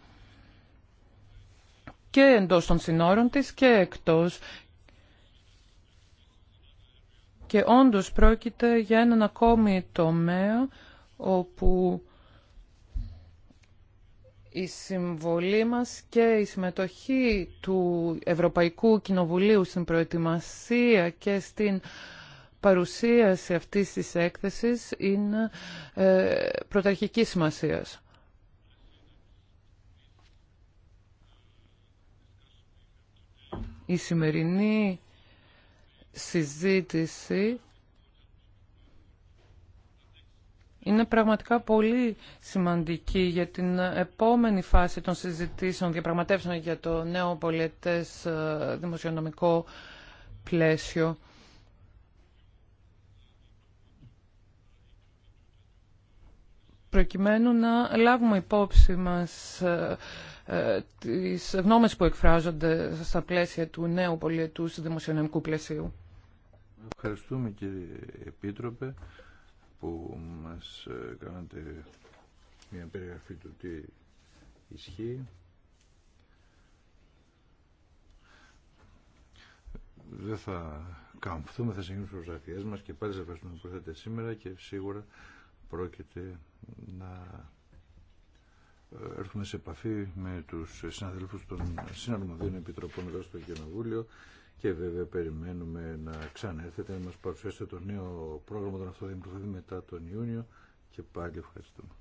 και εντός των συνόρων της και εκτός. Και όντως πρόκειται για έναν ακόμη τομέα όπου η συμβολή μας και η συμμετοχή του Ευρωπαϊκού Κοινοβουλίου στην προετοιμασία και στην παρουσίαση αυτής της έκθεσης είναι ε, πρωταρχικής σημασίας. Η σημερινή συζήτηση είναι πραγματικά πολύ σημαντική για την επόμενη φάση των συζητήσεων, διαπραγματεύσεων για το νέο πολιετές ε, δημοσιονομικό πλαίσιο. προκειμένου να λάβουμε υπόψη μας ε, ε, τις γνώμες που εκφράζονται στα πλαίσια του νέου πολιετούς δημοσιονομικού πλαισίου. Ευχαριστούμε κύριε Επίτροπε που μας ε, κάνατε μια περιγραφή του τι ισχύει. Δεν θα καμφθούμε, θα συγκινήσουμε τις γραφειές μας και πάλι σας ευχαριστούμε που ήρθατε σήμερα και σίγουρα πρόκειται να ε, έρθουμε σε επαφή με τους συναδελφούς των συναρμοδίων επιτροπών εδώ στο Κοινοβούλιο και βέβαια περιμένουμε να ξανέρθετε να μας παρουσιάσετε το νέο πρόγραμμα των αυτοδημιουργών μετά τον Ιούνιο και πάλι ευχαριστούμε.